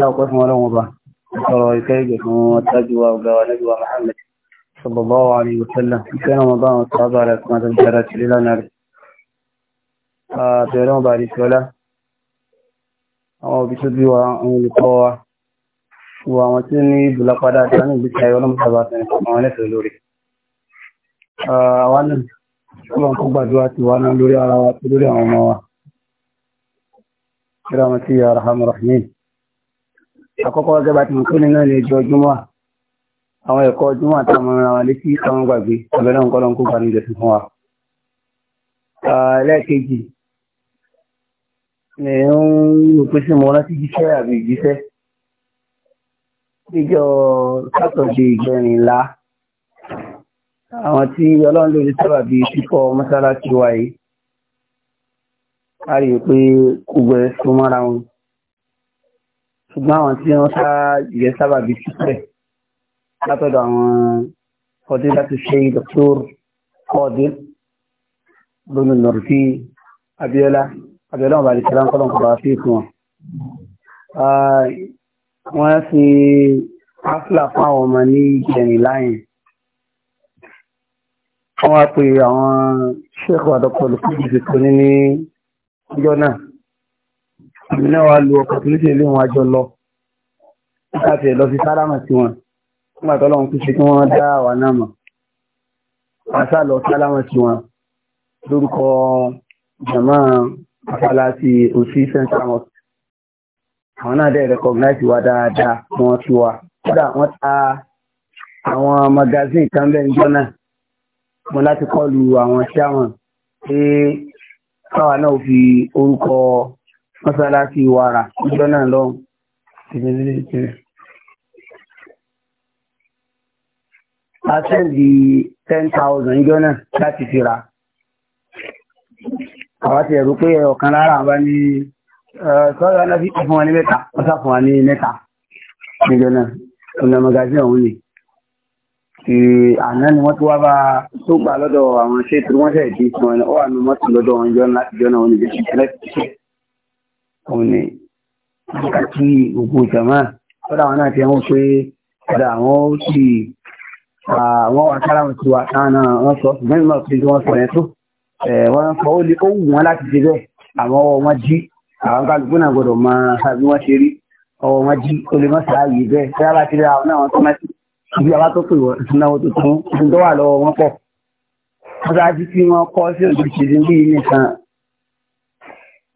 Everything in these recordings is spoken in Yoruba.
dáwọ́pẹ́ fún ọlọ́run ọba sọ̀rọ̀ ìkẹ́ ìgbẹ̀ fún ọtájú wa ọgá wa lẹ́gbẹ̀ wa Muhammad sallallahu alaihi wa sallam ìkẹ́ náà wọn bá wọn sọ ọba rẹ̀ fún ọjọ́ ìjọra tìrí lánàá rẹ̀ àbẹ̀rẹ̀ ọba àdìsọ́lá àwọn òbí tó bí wa àwọn olùkọ́ wa wo àwọn tí ní ìbùlápadà àti àwọn ìgbésí ayé ọlọ́mọ̀tàbà àtẹnì fún àwọn ẹlẹ́sẹ̀ ti wá náà lórí ara wa wa kíra wọn sí yàrá àkọ́kọ́ gẹ́gẹ́ bá ti mọ̀ pé nínú ilé ẹjọ́ júmọ́ àwọn ẹ̀kọ́ júmọ́ àtàwọn ọmọ àwọn létí àwọn gbàgbé ọ̀bẹ náà ń kọ́ lọ́nkú gbà níjọ fún wa. lẹ́ẹ̀kejì ni ó ń lò pé sí mo rántí jíṣẹ́ àbí ìjíṣẹ́ níjọ́ sátọ̀dé ìgbẹ̀rìnlá àwọn tí ọlọ́run lórí sábà bí fífọ́ mọ́sálásí wa yìí a rí i pé kò gbẹ súnmọ́ra wọn ṣùgbọ́n àwọn tí wọ́n sá ìyẹn sábà bí títẹ̀ látọ̀dọ̀ àwọn kọ́dé láti ṣe dr kọ́ọ̀dé lónìí lọ́rọ̀ sí Abíọ́lá Abíọ́lá ọba àdìsẹ́lá ń kọ́lọ̀ kọ́ba sí ìfún wọn. wọ́n ṣe áfíà fún àwọn ọmọ ní ìjẹ̀rìn láyìn wọ́n wá pe àwọn ṣẹ́kọ̀ọ́ àdọ́kọ̀ọ́lù fún ìdìbò ní ọjọ́ náà àmì náà wá lu opportunity ilé wọn àjọ lọ láti lọ fi sálámà sí wọn nígbà tó lọ́wọ́n kúṣe kí wọ́n dá wà náà mọ̀ àṣà lọ sálámà sí wọn lórúkọ jama afalasi òsì central mosque àwọn náà dẹ̀ recognize wa dáadáa wọn ti wa kódà wọ́n ta àwọn magazine kan bẹ́ẹ̀ níjọ́ náà mo láti kọlu àwọn chairman pé káwa náà fi orúkọ mọ́sálásí wàrà ìjọ náà lọ́wọ́ tìrìlẹ̀ tìrìlẹ̀. a sẹ́ndì ten thousand ìjọ náà láti fi ra àwọn ti ẹ̀rù pé ọ̀kan lára àwọn ní sọ́yọ́ aláfi fún wa ní mẹ́ta wọ́n sá fún wa ní mẹ́ta níjọ náà ọ̀nà magazine ọ̀hún ni àná ni wọ́n ti wá bá tó gbà lọ́dọ̀ àwọn ṣé tí wọ́n ṣẹ̀ dé fún ọ wà ní mọ́tò lọ́dọ̀ wọn jọ náà níbi òun ni nígbà tí òkú ìjàmá lọ́dọ̀ àwọn náà ti ẹ̀wọ̀n pé ọ̀dà àwọn ó sì àwọn akára wọn ti wà tánà wọn sọ ṣùgbọ́n ìmọ̀ pé wọ́n sọ yẹn tó wọ́n sọ ó lè ó wù wọ́n láti ṣe bẹ́ẹ̀ àwọn ọwọ́ wọn jí àwọn kálukú náà gbọ́dọ̀ máa bí wọ́n ṣe rí ọwọ́ wọn jí ó lè má sáàyè bẹ́ẹ̀ bí wọ́n bá ti rí àwọn náà wọ́n tó máa ti ibi àbá tó pè wọ́n ìnáwó tuntun tó wà lọ́wọ́ wọn pọ̀ wọ́n sáájú tí wọ́n kọ́ sí òjò ṣe ní bí nìkan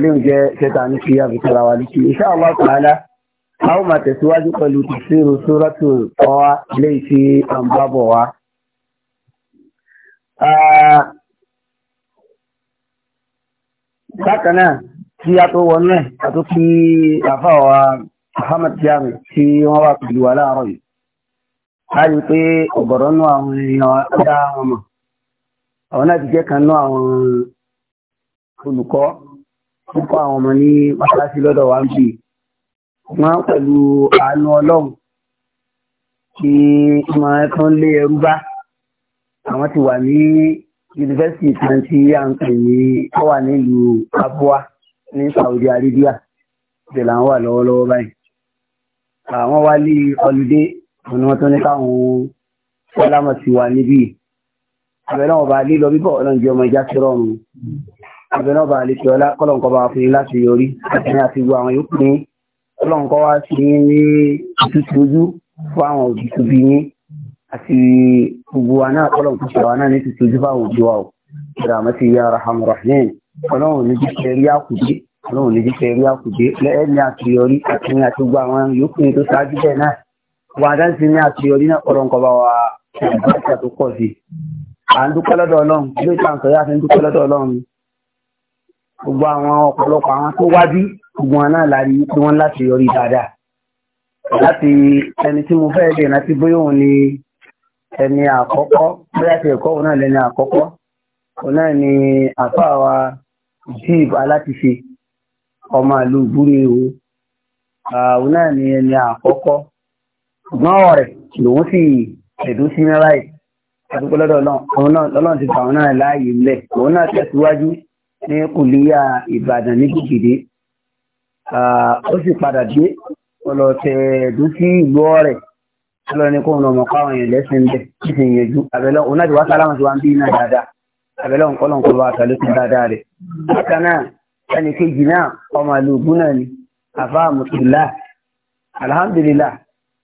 léwu jẹ́ kẹta ní kí abùkọ́lá wa létí insha Allah ta'ala a ó máa tẹ̀síwájú pẹ̀lú tafsiru suratu Taha léyìí tí à ń bá bọ̀ wá. bákan náà tí a tó wọnú ẹ̀ a tó kí àfáwà Muhammad Jami tí wọ́n wà pẹ̀lú wa láàárọ̀ yìí a rí pé ọ̀gọ̀rọ̀ nú àwọn èèyàn dá wọn mọ̀ àwọn náà ti jẹ́ kan nú àwọn olùkọ́ púpọ̀ àwọn ọmọ ní mọ́ṣáláṣí lọ́dọ̀ wa ń bì wọ́n pẹ̀lú àánú ọlọ́run kí wọ́n tán lé ẹrú bá àwọn ti wà ní yunifásitì kan tí à ń pè ní ó wà nílùú Papua ní Saudi Arabia ìbẹ̀ là ń wà lọ́wọ́lọ́wọ́ báyìí àwọn wá lé ọlùdé ọ̀nà tó ní káwọn sálámà ti wà níbí ìbẹ̀ náà bá lílọ bíbọ̀ ọlọ́run jẹ́ ọmọ ìjà sí rọrùn àbẹ̀nàbà àlejò ọlá kọ́lọ̀ǹkọ́ bá fún yín láti yọrí àti àti gbogbo àwọn yòókù ní kọ́lọ̀ǹkọ́ wá sí yín ní ìtútù ojú fún àwọn òbí tó bí yín àti gbogbo wa náà kọ́lọ̀ǹkọ́ ṣe wa náà ní ìtútù ojú fáwọn òbí wa o ìrà àmọ́tí ya rahman rahman ọlọ́run ní jíṣẹ́ rí àkùdé ọlọ́run ní jíṣẹ́ rí àkùdé lẹ́ẹ̀ni àtìyọrí àti ní àti gbogbo àwọn yòókù ní tó ṣáájú bẹ́ẹ̀ náà gbogbo àwọn ọ̀pọ̀lọpọ̀ àwọn tó wá bí gbogbo wọn náà lárí tí wọ́n láti yọrí dáadáa láti ẹni tí mo fẹ́ dè láti bóyá òun ni ẹni àkọ́kọ́ bóyá ti ẹ̀kọ́ òun náà lẹni àkọ́kọ́ òun náà ni àfáà wa jíìb alátiṣe ọmọ ìlú búni o òun náà ni ẹni àkọ́kọ́ ṣùgbọ́n ọ̀rẹ́ lòun sì ẹ̀dùn sí mẹ́ráì àdúgbò lọ́dọ̀ ọlọ́run ti fà òun náà láàyè ńlẹ̀ òun náà tẹ̀síwájú ní kùlíyà ìbàdàn ní gbèdé ó sì padà dé ọlọ́tẹ̀ ẹ̀dùn sí ìlú ọ̀rẹ́ ọlọ́ni kó ń lọ́mọ káwọn èèyàn lẹ́sìn bẹ̀ kí sì ń yẹjú abẹ́lẹ́ òun láti wá sálámà tí wọ́n ń bí náà dáadáa abẹ́lẹ́ òun kọ́lọ̀ kó bá a tàlé fún dáadáa rẹ̀ bákan náà ẹnì kejì náà ọmọ àlùbù náà ni àfa mùsùlùmá alhamdulilá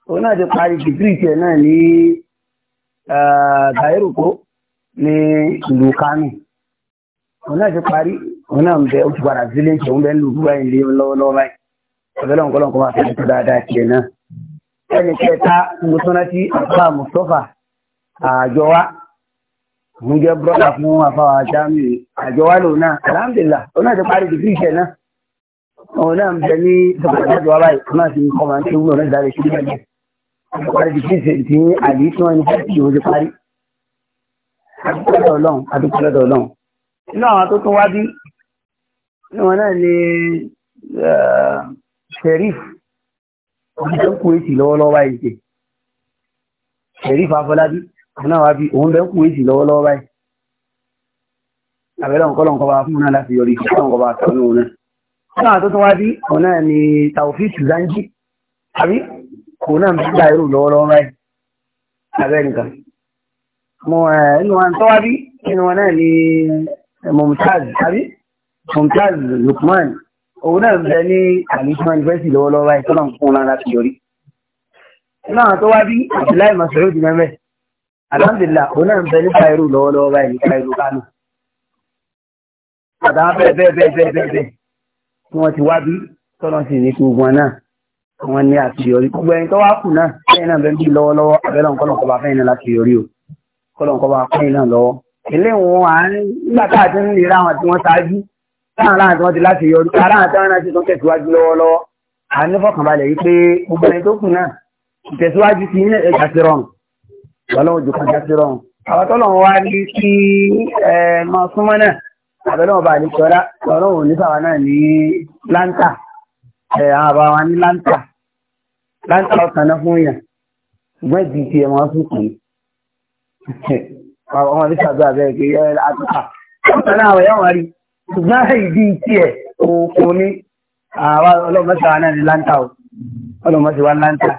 òun náà ti parí dìgírì tiẹ̀ náà ní bayero ní ìlú kánò òun náà ti parí òun náà ń bẹ ó ti padà sílé ìṣẹ́ òun bẹ ń lù búwa ìlé lọ́wọ́lọ́wọ́ báyìí ọ̀dọ́ lọ́wọ́ kọ́lọ́ kọ́ máa fi tó dáadáa tiẹ̀ náà ẹnì kẹta mo tún rántí àfa mustapha àjọ wa mo jẹ́ brọ́dà fún afáwa jami àjọ wa lòun náà alhamdulillah òun náà ti parí dìbí ìṣẹ́ náà òun náà ń bẹ ní sọ̀kọ̀tàjọ wa báyìí òun náà ti kọ́ máa ń inú àwọn tó tún wá bí níwọ̀n náà ni sheriff ọdún kuwaiti lọ́wọ́lọ́wọ́ báyìí ṣe sheriff afọlábí náà wá bí òun bẹ́ kuwaiti lọ́wọ́lọ́wọ́ báyìí àbẹ̀lẹ̀ ọ̀kọ́lọ̀kọ́ bá fún náà láti yọrí ọ̀kọ́lọ̀kọ́ bá tọ́nú náà nínú àwọn tó tún wá bí òun náà ni taofik zanji àbí òun náà bí dáìrò lọ́wọ́lọ́wọ́ báyìí àbẹ́ nìkan mo ẹ̀ nínú àwọn tó wá bí nínú wọn náà ni Mumtaz àbí Mumtaz Lukman òun náà bẹ ní àlùfáà yunifásitì lọ́wọ́lọ́wọ́ báyìí tọ́lá ń fún un láti yọrí. náà tó wá bí Abdullahi Masoro di mẹ́mẹ́ alhamdulilah òun náà bẹ ní Cairo lọ́wọ́lọ́wọ́ báyìí ní Cairo Kano. àtàwọn bẹ́ẹ̀ bẹ́ẹ̀ bẹ́ẹ̀ bẹ́ẹ̀ bẹ́ẹ̀ bẹ́ẹ̀ tí wọ́n ti wá bí tọ́lá sì ní gbogbo wọn náà wọn ní àṣeyọrí gbogbo ẹni tó wá kù náà bẹ́ẹ̀ náà bẹ́ẹ̀ bí lọ́wọ́lọ́wọ́ abẹ́lẹ́ ilé wọn à ń nígbà tá a ti ń lera àwọn tí wọ́n ṣáájú táwọn láwọn tí wọ́n ti láti yọrí ara àwọn táwọn náà ti tún tẹ̀síwájú lọ́wọ́lọ́wọ́ à ń nífọ̀kànbalẹ̀ yìí pé gbogbo ẹni tó kù náà ìtẹ̀síwájú ti ní ẹja ti rọrùn ọlọ́run jù kan já sí rọrùn àwọn tọ́lọ́run wá ní kí ẹ mọ súnmọ́ náà àbẹ̀lọ́wọ̀n bá ní kíọ́lá ọlọ́run ní sàwọn náà ní láńtà ẹ àwọn àbá wa ní láńtà láńtà ọ̀sán náà fún yàn ṣùgbọ́n ìdí ti ẹ̀ mọ́ fún kùn ọmọ ní sàgbà bẹ́ẹ̀ pé ẹ àtúntà ọ̀sán àwọn ẹ̀yọ́ wọn rí ṣùgbọ́n ìdí tiẹ̀ òkun ní àwa ọlọ́mọṣẹ́ wa náà ní láńtà o ọlọ́mọṣẹ́ wa láńtà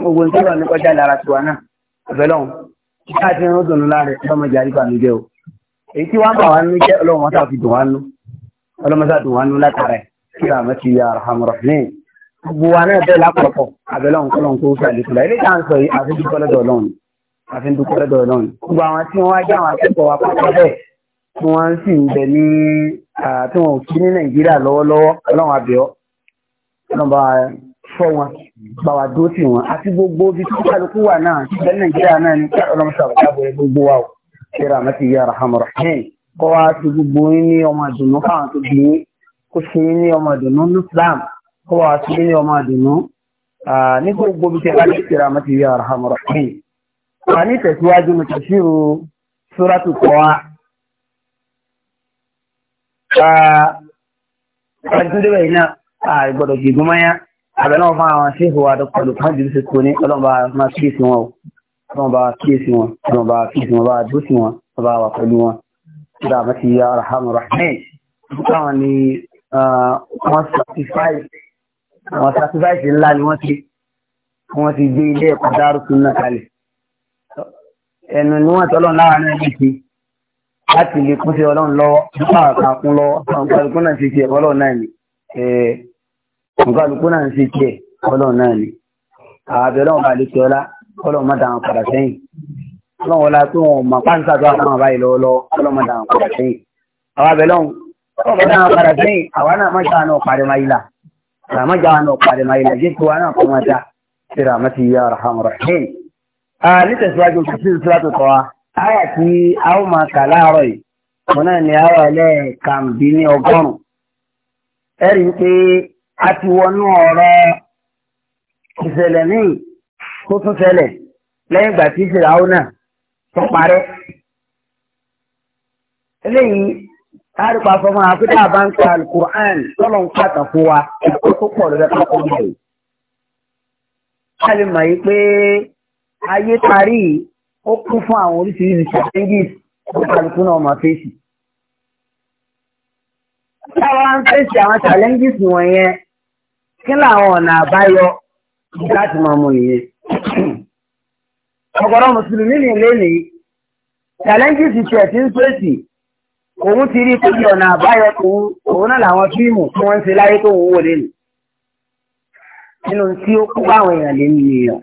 gbogbo ní sọ́dọ̀ ní kọjá lára tiwa náà ọ̀bẹ̀lọ́hùn káàtì ń dùn láàrẹ̀ ọlọ́mọdé àríkà mi jẹ́ o èyí tí wọ́n bá wa nú jẹ́ ọlọ́mọṣẹ́ fi dùn wá nú ọlọ́mọṣẹ́ dùn wá nú látàrẹ̀ kí àmọ́tí ya arhamurahmin gbogbo wa náà bẹ́ẹ̀ àfi ń dúpẹ́ lọ́dọ̀ ọlọ́run gbogbo àwọn tí wọ́n wá jẹ́ àwọn akẹ́kọ̀ọ́ wa pátá bẹ́ẹ̀ tí wọ́n sì ń bẹ ní tí wọ́n ò sí ní nàìjíríà lọ́wọ́lọ́wọ́ ọlọ́run àbẹ̀ọ́ ọlọ́run bá fọ́ wọn bá wa dúró tì wọn àti gbogbo ibi tí kálukú wà náà ti bẹ ní nàìjíríà náà ní kí ọlọ́run ṣàbùkà bọ̀ gbogbo wa o ṣe rà mẹ́tì yà rà hàmọ̀ rahim kọ́ wa ti gbogbo yín ní ọmọ ìdùnnú fáwọn tó bí yín kó ṣe yín ní ọmọ ìdùnnú ní Islam kọ́ wa ti ní ọmọ ìdùnnú ní gbogbo ibi tí kálukú ṣe rà mẹ́tì yà rà hàmọ̀ rahim wà ní ìtẹ̀síwájú ní tẹ̀síwò sóràtù kọ́wá. Ọ̀rẹ́dúndé bẹ̀rẹ̀ náà àgbọ̀dọ̀ gègùn mọ́yá àbẹ̀ náà fún àwọn ṣéhù wa dọ́kọ̀dọ̀ kan jù sí kò ní ọlọ́mọba máa kíyèsí wọn o. Ọlọ́mọba kíyèsí wọn, ọlọ́mọba kíyèsí wọn, ọba dúsí wọn, ọba wà pẹ̀lú wọn. Ṣé àmọ́ ti yá Rahman Rahman? Báwọn ni wọ́n sacrifice, wọ́n sacrifice ńlá ni wọ́n ti, wọ́n ti gbé ilé ẹ̀kọ́ dárúkú náà kalẹ̀ ẹnu ni wọ́n tọ́lọ́ láwọn náà ní ti láti lè kún sí ọlọ́run lọ́wọ́ nípa àkàkún lọ́wọ́ ọ̀nkálukú náà ṣe tiẹ̀ ọlọ́run náà ni ọ̀nkálukú náà ṣe tiẹ̀ ọlọ́run náà ni àbẹ̀rẹ̀ ọ̀bà lè tẹ́ ọlá ọlọ́run má dáhùn padà sẹ́yìn ọlọ́run ọlá tó wọn mà pàǹsà tó àwọn àbáyé lọ́wọ́lọ́wọ́ ọlọ́run má dáhùn padà sẹ́yìn àwọn àbẹ̀rẹ̀ ọ̀hún ọlọ́run má dáhùn padà sẹ́yìn àwa náà má jáwọ́ náà pàdé máa yìlá àmọ́ jáwọ́ náà pàdé máa yìlá jésù wa a nítẹ̀síwájú títí ìsúlátò kọ́wa àyà tí a ó máa kà láàárọ̀ yìí wọn náà ni àyà ẹlẹ́ẹ̀kàmbíní ọgọ́rùn-ún ẹ̀rí pé a ti wọnú ọ̀rọ̀ ìṣẹ̀lẹ̀ míì tó tún ṣẹlẹ̀ lẹ́yìn ìgbà tí ìṣẹ̀lẹ̀ àwọn náà tó parẹ́ eléyìí láàrúkọ afọmọ àfídà bá ń ka alukur'an tọ́lọ̀ ń pàtàkì fún wa ẹ̀kọ́ tó pọ̀ lọ́dọ̀ tó kọ́ bí i. a ayé parí ó kún fún àwọn oríṣiríṣi challenges tó kálukú náà máa fèsì. táwa ń fèsì àwọn challenges wọ̀nyẹn kí làwọn ọ̀nà àbáyọ láti máa mú nìyẹn. ọ̀gọ̀rọ̀ mùsùlùmí ní ilé ní challenges tiẹ̀ ti ń fèsì òun ti rí pé ọ̀nà àbáyọ tòun òun náà làwọn fíìmù tí wọ́n ń ṣe láyé tó ń wò lé nù. nínú tí ó kú báwọn èèyàn lé nìyẹn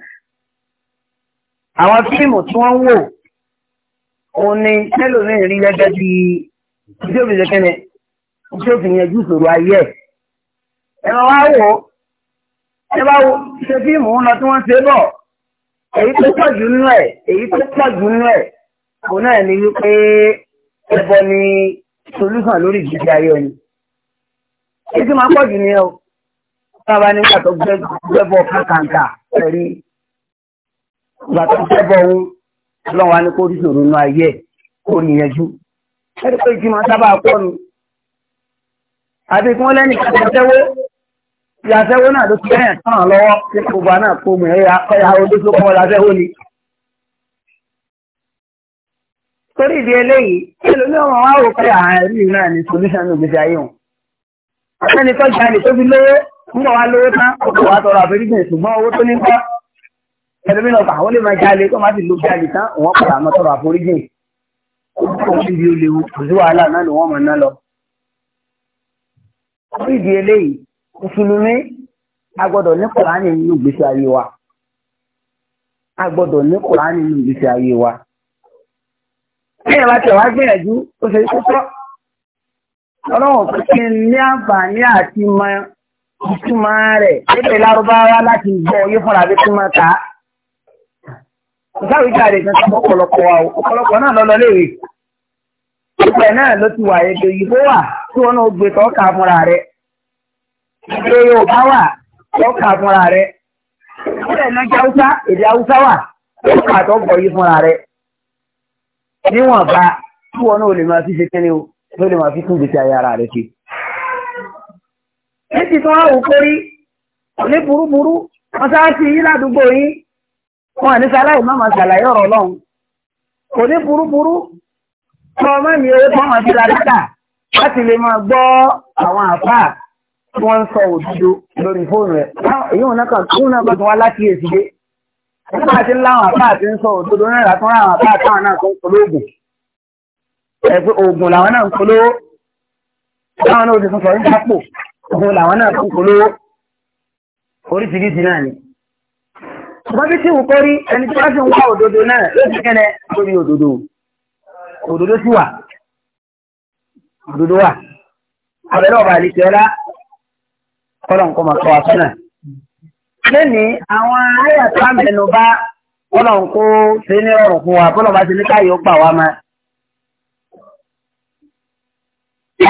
àwọn fíìmù tí wọ́n ń wò òun ni tẹ́lómìn rí gẹ́gẹ́ bí tí ó fi ṣe kẹ́ni tí ó fi yanjú ìṣòro ayé ẹ̀. ẹ máa wá wò ó ẹ bá wo ṣe fíìmù ń lọ tí wọ́n ṣe bọ̀ èyí tó pọ̀ jù nínú ẹ̀ èyí tó pọ̀ jù nínú ẹ̀ òun náà ni wípé ẹbọ ni solúsàn lórí ìgbésí ayé ẹni. èyí tí máa pọ̀ jù nìyẹn o. sábà nígbà tó gbẹ́bọ̀ ìgbà tó ń tẹ́bọ̀ ohun ọlọ́run wa ní kó rí ìṣòro inú ayé kó níyanjú ẹni pé ìjìmọ̀ sábà pọ̀ nu àti kí wọ́n lẹ́nu ìkàtà sẹ́wó ìyàsẹ́wó náà ló ti bẹ́ẹ̀ tán lọ́wọ́ tí kò bá náà kó mọ̀ ẹ̀yà ọ̀yà olóṣù kọ́ ìyàsẹ́wó ni. torí ìdí eléyìí ẹlò ní ọmọ wa wò pé àárín ìlú náà ni solution ògbésí ayé wọn. ọ̀sẹ́ni tọ́jà ni tó fi lówó ń bọ̀ wá lówó tán ó kò wá tọrọ àforíjì ṣùgbọ́n owó tó ní kọ́ ẹlòmínà ọkọ àwọn lè máa jalè kó máa sì ló jalè tán wọn padà máa tọrọ àforíjì òun níbi olèwu kò sí wàhálà náà ni wọn máa ná lọ. ìdí eléyìí mùsùlùmí a gbọ́dọ̀ ní kùránì nínú ìgbésí ayé wa a gbọ́dọ̀ ní kùránì nínú ìgbésí ayé wa. ẹ̀yìn bá tẹ̀ wá gbìyànjú ó ṣe kókó ọlọ́run kò kí n ní àǹfààní àti ìtumọ̀ rẹ̀ pépè lárúbáwá láti gbọ́ oyé fúnra bí tí wọ́n ta á ìsáwé jáde kan sí ọ̀pọ̀lọpọ̀ wa ọ̀pọ̀lọpọ̀ náà lọ́lọ́ léèrè ìpẹ́ náà ló ti wà èdè òyìnbó wà tí wọn náà gbé tọ́ka fúnra rẹ̀ èdè Yorùbá wà tọ́ka fúnra rẹ̀ ìpẹ́ náà jẹ́ Haúsá èdè Haúsá wà tọ́ka tó gbọ́ yìí fúnra rẹ̀ níwọ̀nba tí wọn náà lè máa fi ṣe kẹ́lẹ́ o ló lè máa fi tún gbèsè ayára rẹ̀ ṣe. ní ti tún wá wò kórí ní burúburú wọn sáà sí yín wọn àní sáláì má máa ṣàlàyé ọ̀rọ̀ ọlọ́run kò ní burúburú tọ́ ọmọ mi owó tó máa fi ra dátà láti lè máa gbọ́ àwọn àfáà tí wọ́n ń sọ òdodo lórí fóònù rẹ̀ èyí wọn náà kún náà bàtún wá láti èsì dé nígbà tí láwọn àfáà ti ń sọ òdodo náà látún ra àwọn àfáà táwọn náà tó ń polówó oògùn ẹ oògùn làwọn náà ń polówó táwọn náà ti tún sọ ní sápò oògùn làwọn náà tó ń polówó oríṣiríṣi náà ni. Bọ́bí tí wù kọ́ rí ẹni tí wọ́n sì ń wá òdodo náà yóò fi lórí òdodo. Òdodo sì wà. Òdodo wà. Àbẹ̀rẹ̀ ọ̀bà àlejò ọlá kọ́lọ̀ nǹkan máa wa sọ́nà. Lẹ́ni àwọn àyà tó àmẹ́nu bá kọ́lọ̀ ń kó ṣe ní ọ̀rùn fún wa kọ́lọ̀ bá ti ní káyọ̀ ó gbà wá máa.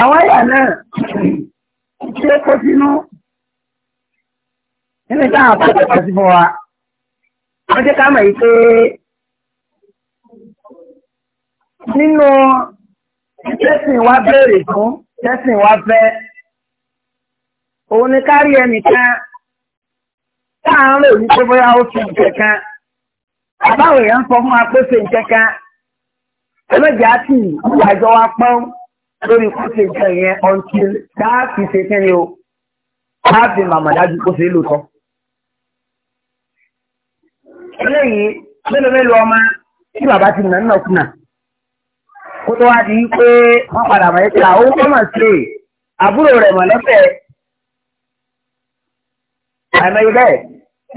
Àwọn àyà náà ṣe kó sínú nínú táwọn àpapọ̀ sí fún wa wọ́n jẹ́ ká mọ̀ yìí pé nínú tẹ́sìn wa béèrè fún tẹ́sìn wa fẹ́ òun ni kárí ẹnìkan táà ń rò wípé bóyá ó fi nǹkan kan àbáwò èèyàn ń sọ fún wa pé ṣe nǹkan kan ẹlẹ́jà tì ìwàjọ wa pọ́n lórí kó ṣe nǹkan yẹn ọ̀ntì dáàfì ṣe kẹ́ni o dáàfì màmá dájú kó ṣe é lò tán eléyìí mélòó mélòó ọmọ tí bàbá ti nà nínà kùnà kó tó wá di pé wọ́n padà mọ̀ ẹ́kẹ́ àwọn kọ́ mà sí àbúrò rẹ̀ mọ̀ lọ́fẹ̀ àìmọye bẹ́ẹ̀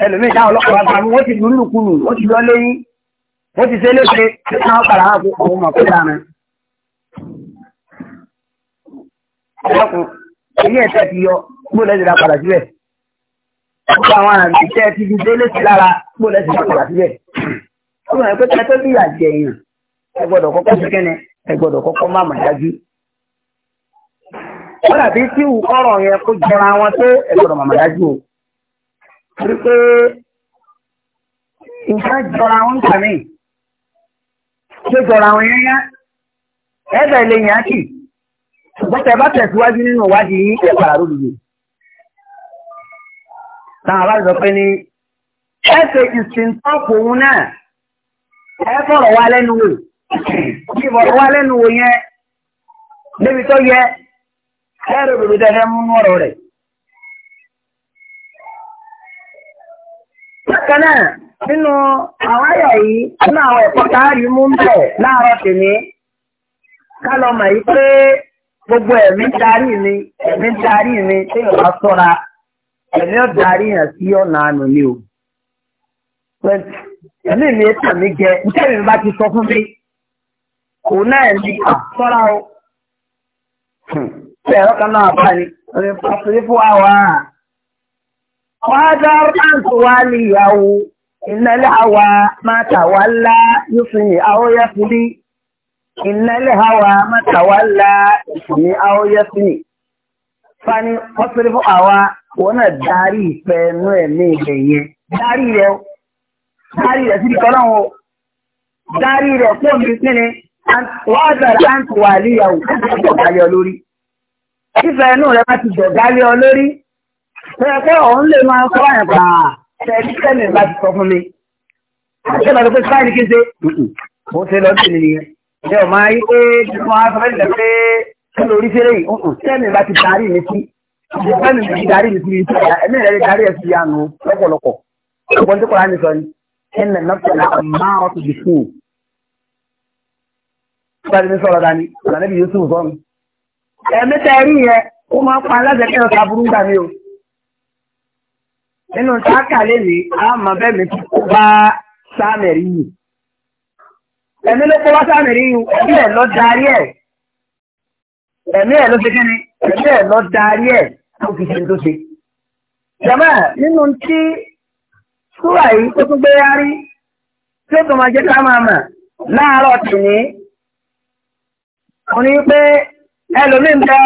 ẹlòmíì táwọn ọlọ́pàá bá mú wọ́n ti lùlù kùnù wọ́n ti lọ lẹ́yìn wọ́n ti ṣe léṣe táwọn padà wà fún ọmọ kó dáná. ọlọ́kùn ilé ẹ̀sẹ̀ ti yọ gbọ́dọ̀ ti dá padà ọ̀pọ̀ àwọn àmì tẹ́ ti fi délé sí lára gbó lẹ́sìn pàtàkì síbẹ̀. ó rẹ̀ pé kẹ́tọ́ bí àjẹ èèyàn ẹ gbọ́dọ̀ kọ́kọ́ sí kẹ́nẹ ẹ gbọ́dọ̀ kọ́kọ́ má mà dájú. ó dàbí tí ọ̀rọ̀ yẹn kó jọra wọn pé ẹ gbọ́dọ̀ mà dájú o. torí pé nǹkan jọra wọn kà mí. ṣé jọra wọn yẹn yá? ẹ bẹ̀ lè yàn á kì. ṣùgbọ́n tẹ bá tẹ̀síwájú nínú ìwádìí táwọn bá sọ pé ní ẹsẹ̀ ìsìntọ́pù òun náà ẹ fọ̀rọ̀ wá lẹ́nu wò kí fọ̀rọ̀ wá lẹ́nu wò yẹn débi tó yẹ ẹ̀rọ òdòdó tẹ́fẹ́ mú nú ọ̀rọ̀ rẹ̀. bákan náà nínú àwọn àyà yìí nínú àwọn ẹ̀kọ́ táàrí mú ń bẹ̀ láàárọ̀ tèmi ká lọ mọ̀ yìí pé gbogbo ẹ̀mí darí mi ẹ̀mí darí mi tí yóò bá sọ́ra ẹ̀mí ọ̀darí hàn sí ọ̀nà àánú ni o. ẹ̀mí mi tàn mí jẹ nítorí mi bá ti sọ fún mi òun náà ní àtọ́ra o. ṣé ẹ̀rọ kan náà bá ní ọ̀rẹ́ pàṣẹ fún àwa. wàá dá ráǹtì wá ní ìyàwó ìnálẹ̀ àwa máa tà wá ńlá yóò fi yìn àwòyẹ fún mi. ìnálẹ̀ àwa máa tà wá ńlá yóò fi yìn àwòyẹ fún mi. fani pàṣẹ fún àwa wọn náà darí ìfẹ́ inú ẹ̀mí ilẹ̀ yẹn darí rẹ darí rẹ síbi tọ́lá wọn o darí rẹ kó mi sí ni wọ́n á bẹ̀rẹ̀ àǹtí wà níyàwó kó tó dọ̀gá lé ọ lórí. ìfẹ́ inú rẹ bá ti dọ̀gá lé ọ lórí bẹ́ẹ̀ pé òun lè máa kọ́ àyàn pa tẹ̀lé sẹ́mi bá ti sọ fún mi. àti ìbàdàn pé sáyẹn kí n ṣe mo ṣe lọ sí nìyẹn. ǹjẹ́ o máa yí pé mo máa sọ fẹ́ ìfẹ́nu ti darí ìfi ìfi ìyá ẹ̀mí rẹ̀ lè darí ẹ̀fi ìyá nù lọ́pọ̀lọpọ̀ ọ̀pọ̀ ní kọ́ra ní sọ ni ẹ̀nà nọ́ọ̀tẹ̀lá máa ọ̀tún di fún un. Sọ́dọ̀ ní sọ̀rọ̀ dání, ọ̀nà níbi Yusuf sọ mi. Ẹ̀mí tẹ rí yẹn, ó máa pa aláṣẹ kí ọ̀sà burú gbà mí o. Nínú a máa me mi kó bá sáàmẹ̀rì yìí. Ẹ̀mí ló kó bá sáàmẹ̀rì yìí, ẹ̀mí ẹ̀ lọ darí ẹ̀. Ẹ̀mí ẹ̀ ló ṣe kí tó fi ṣe tó ṣe. Jàmá nínú tí súrà yìí tó tún gbé yárí tí ó tó máa jẹ́ ká máa mà láàárọ̀ tìní. Mo ní pé ẹlòmíì ń bẹ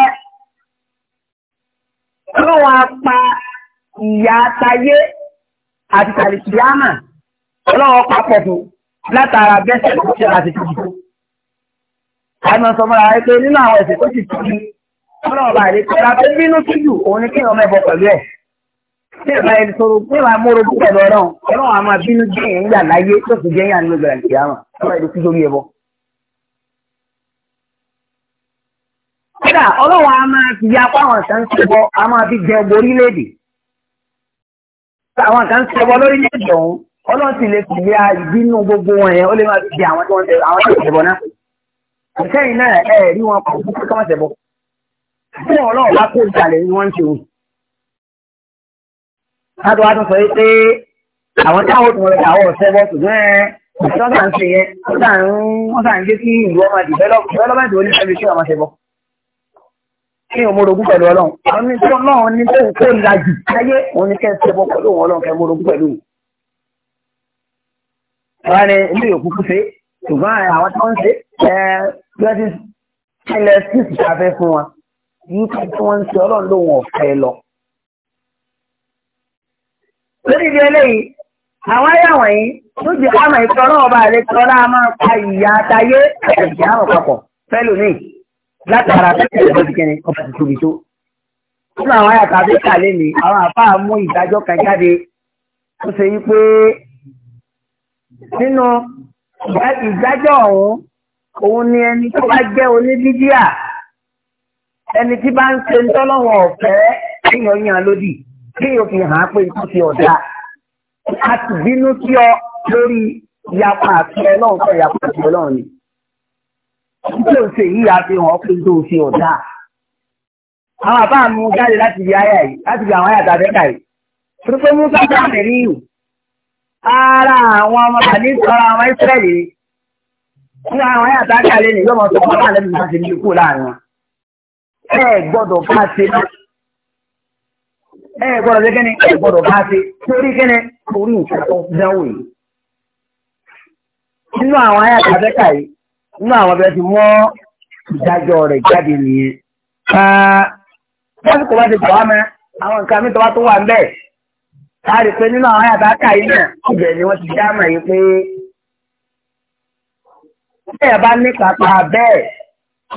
ọlọ́wọ́ apá ìyá àtayé àti tàlìkìyámà ọlọ́wọ́ papọ̀ fún látara bẹ́sẹ̀ tó ṣe àti tìjú. Àìmọ̀ sọmọ́ra wípé nínú àwọn ẹ̀sìn tó ti tìjú ọlọ́ọ̀bá àdékọ́ la tó bínú sí jù òun ni kí ọmọ ẹ̀bọ pẹ̀lú ẹ̀ tí ìbá ẹni sọ̀rọ̀ pé wàá mú orogún pẹ̀lú ọlọ́run ọlọ́run a máa bínú jẹ́ yẹn yà láyé tó sì jẹ́ yà nínú ìgbàlẹ̀ ìyá wọn ọlọ́run ẹ̀dùn síjórí ẹ̀bọ. kódà ọlọ́run a máa fi ya apá àwọn kan ṣẹbọ a máa fi jẹ gbogbo orílẹ̀-èdè àwọn kan ṣẹbọ lórílẹ̀-èdè ọ̀hún ọlọ́run sì lè fi ya ìbínú gbogbo wọn yẹn ó lè máa fi jẹ àwọn tó ń ṣẹbọ náà bí ọlọ́run bá kó ìjàlẹ̀ ni wọ́n ń ṣe o. láti wá tún sọ yìí pé àwọn táwọn tó ń rẹ̀ àwọn ọ̀sẹ̀ bọ́ ṣùgbọ́n ìṣọ́ sàn ṣe yẹn wọ́n sàn ń gé kí ìlú ọmọ dìbẹ́lọ́mẹ̀tì oníṣẹ́bí ọmọ ṣe kí ni òmòrogún pẹ̀lú ọlọ́run àwọn ní tó lọ́run ní tó ń lajù láyé òun ní kẹ́sẹ̀ bọ́ pẹ̀lú òun ọlọ́run kẹ́ mórogún pẹ̀lú òun. wọ́n á ní ilé ṣe ṣùgbọ́n àwọn tó ń ṣe ẹ yíká tí wọ́n ń ṣe ọlọ́run ló wọ̀n lọ. lórí ìdí eléyìí àwọn ayé àwọn yìí ló jẹ́ àmọ̀ ìtọ́ náà ọba àlẹ́ tọ́ náà máa pa ìyá àtayé ẹ̀jẹ̀ àrùn papọ̀ fẹ́lò ní látara tẹ́lẹ̀ ìbọn ti kẹ́ni ọba ti tóbi tó. nínú àwọn ayé àtàbí kàlẹ́ mi àwọn àfáà mú ìdájọ́ kan jáde tó ṣe yí pé nínú ìdájọ́ ọ̀hún òun ni ẹni tó bá jẹ́ oníbídíà ẹni tí bá ń ṣe ń tọ́lọ́wọ̀n ọ̀fẹ́ kéèyàn yàn lódì kéèyàn fi hàn án pé ikú ti ọ̀dà a ti bínú sí ọ lórí ìyapa àti ọlọ́run fẹ́ ìyapa àti ọlọ́run ni tí o ṣe yìí àfihàn ọ pé tó o ṣe ọ̀dà àwọn àbá mu jáde láti di àyà yìí láti di àwọn àyà tàbẹ́kà yìí tó pé mú sábà mẹ́rin yìí ara àwọn ọmọ bàbá ìsọ̀rọ̀ àwọn ìsírẹ́lì ní àwọn àyà tàbẹ́kà lẹ́nu yóò mọ̀ tó kọ́ láàrin bí ẹ bá ṣe ẹ gbọ́dọ̀ ṣe kíni ẹ gbọ́dọ̀ bá ṣe torí kíni torí nǹkan tó dánwò yìí nínú àwọn ayé àtàfẹ́kà yìí nínú àwọn abẹ́ ti mọ́ ìdájọ́ rẹ̀ jáde nìyẹn bá ti bọ̀ àwọn a rí pé nínú àwọn ayé àtàkà ni wọ́n ti dá yìí pé bẹ́ẹ̀ bá ní bẹ́ẹ̀.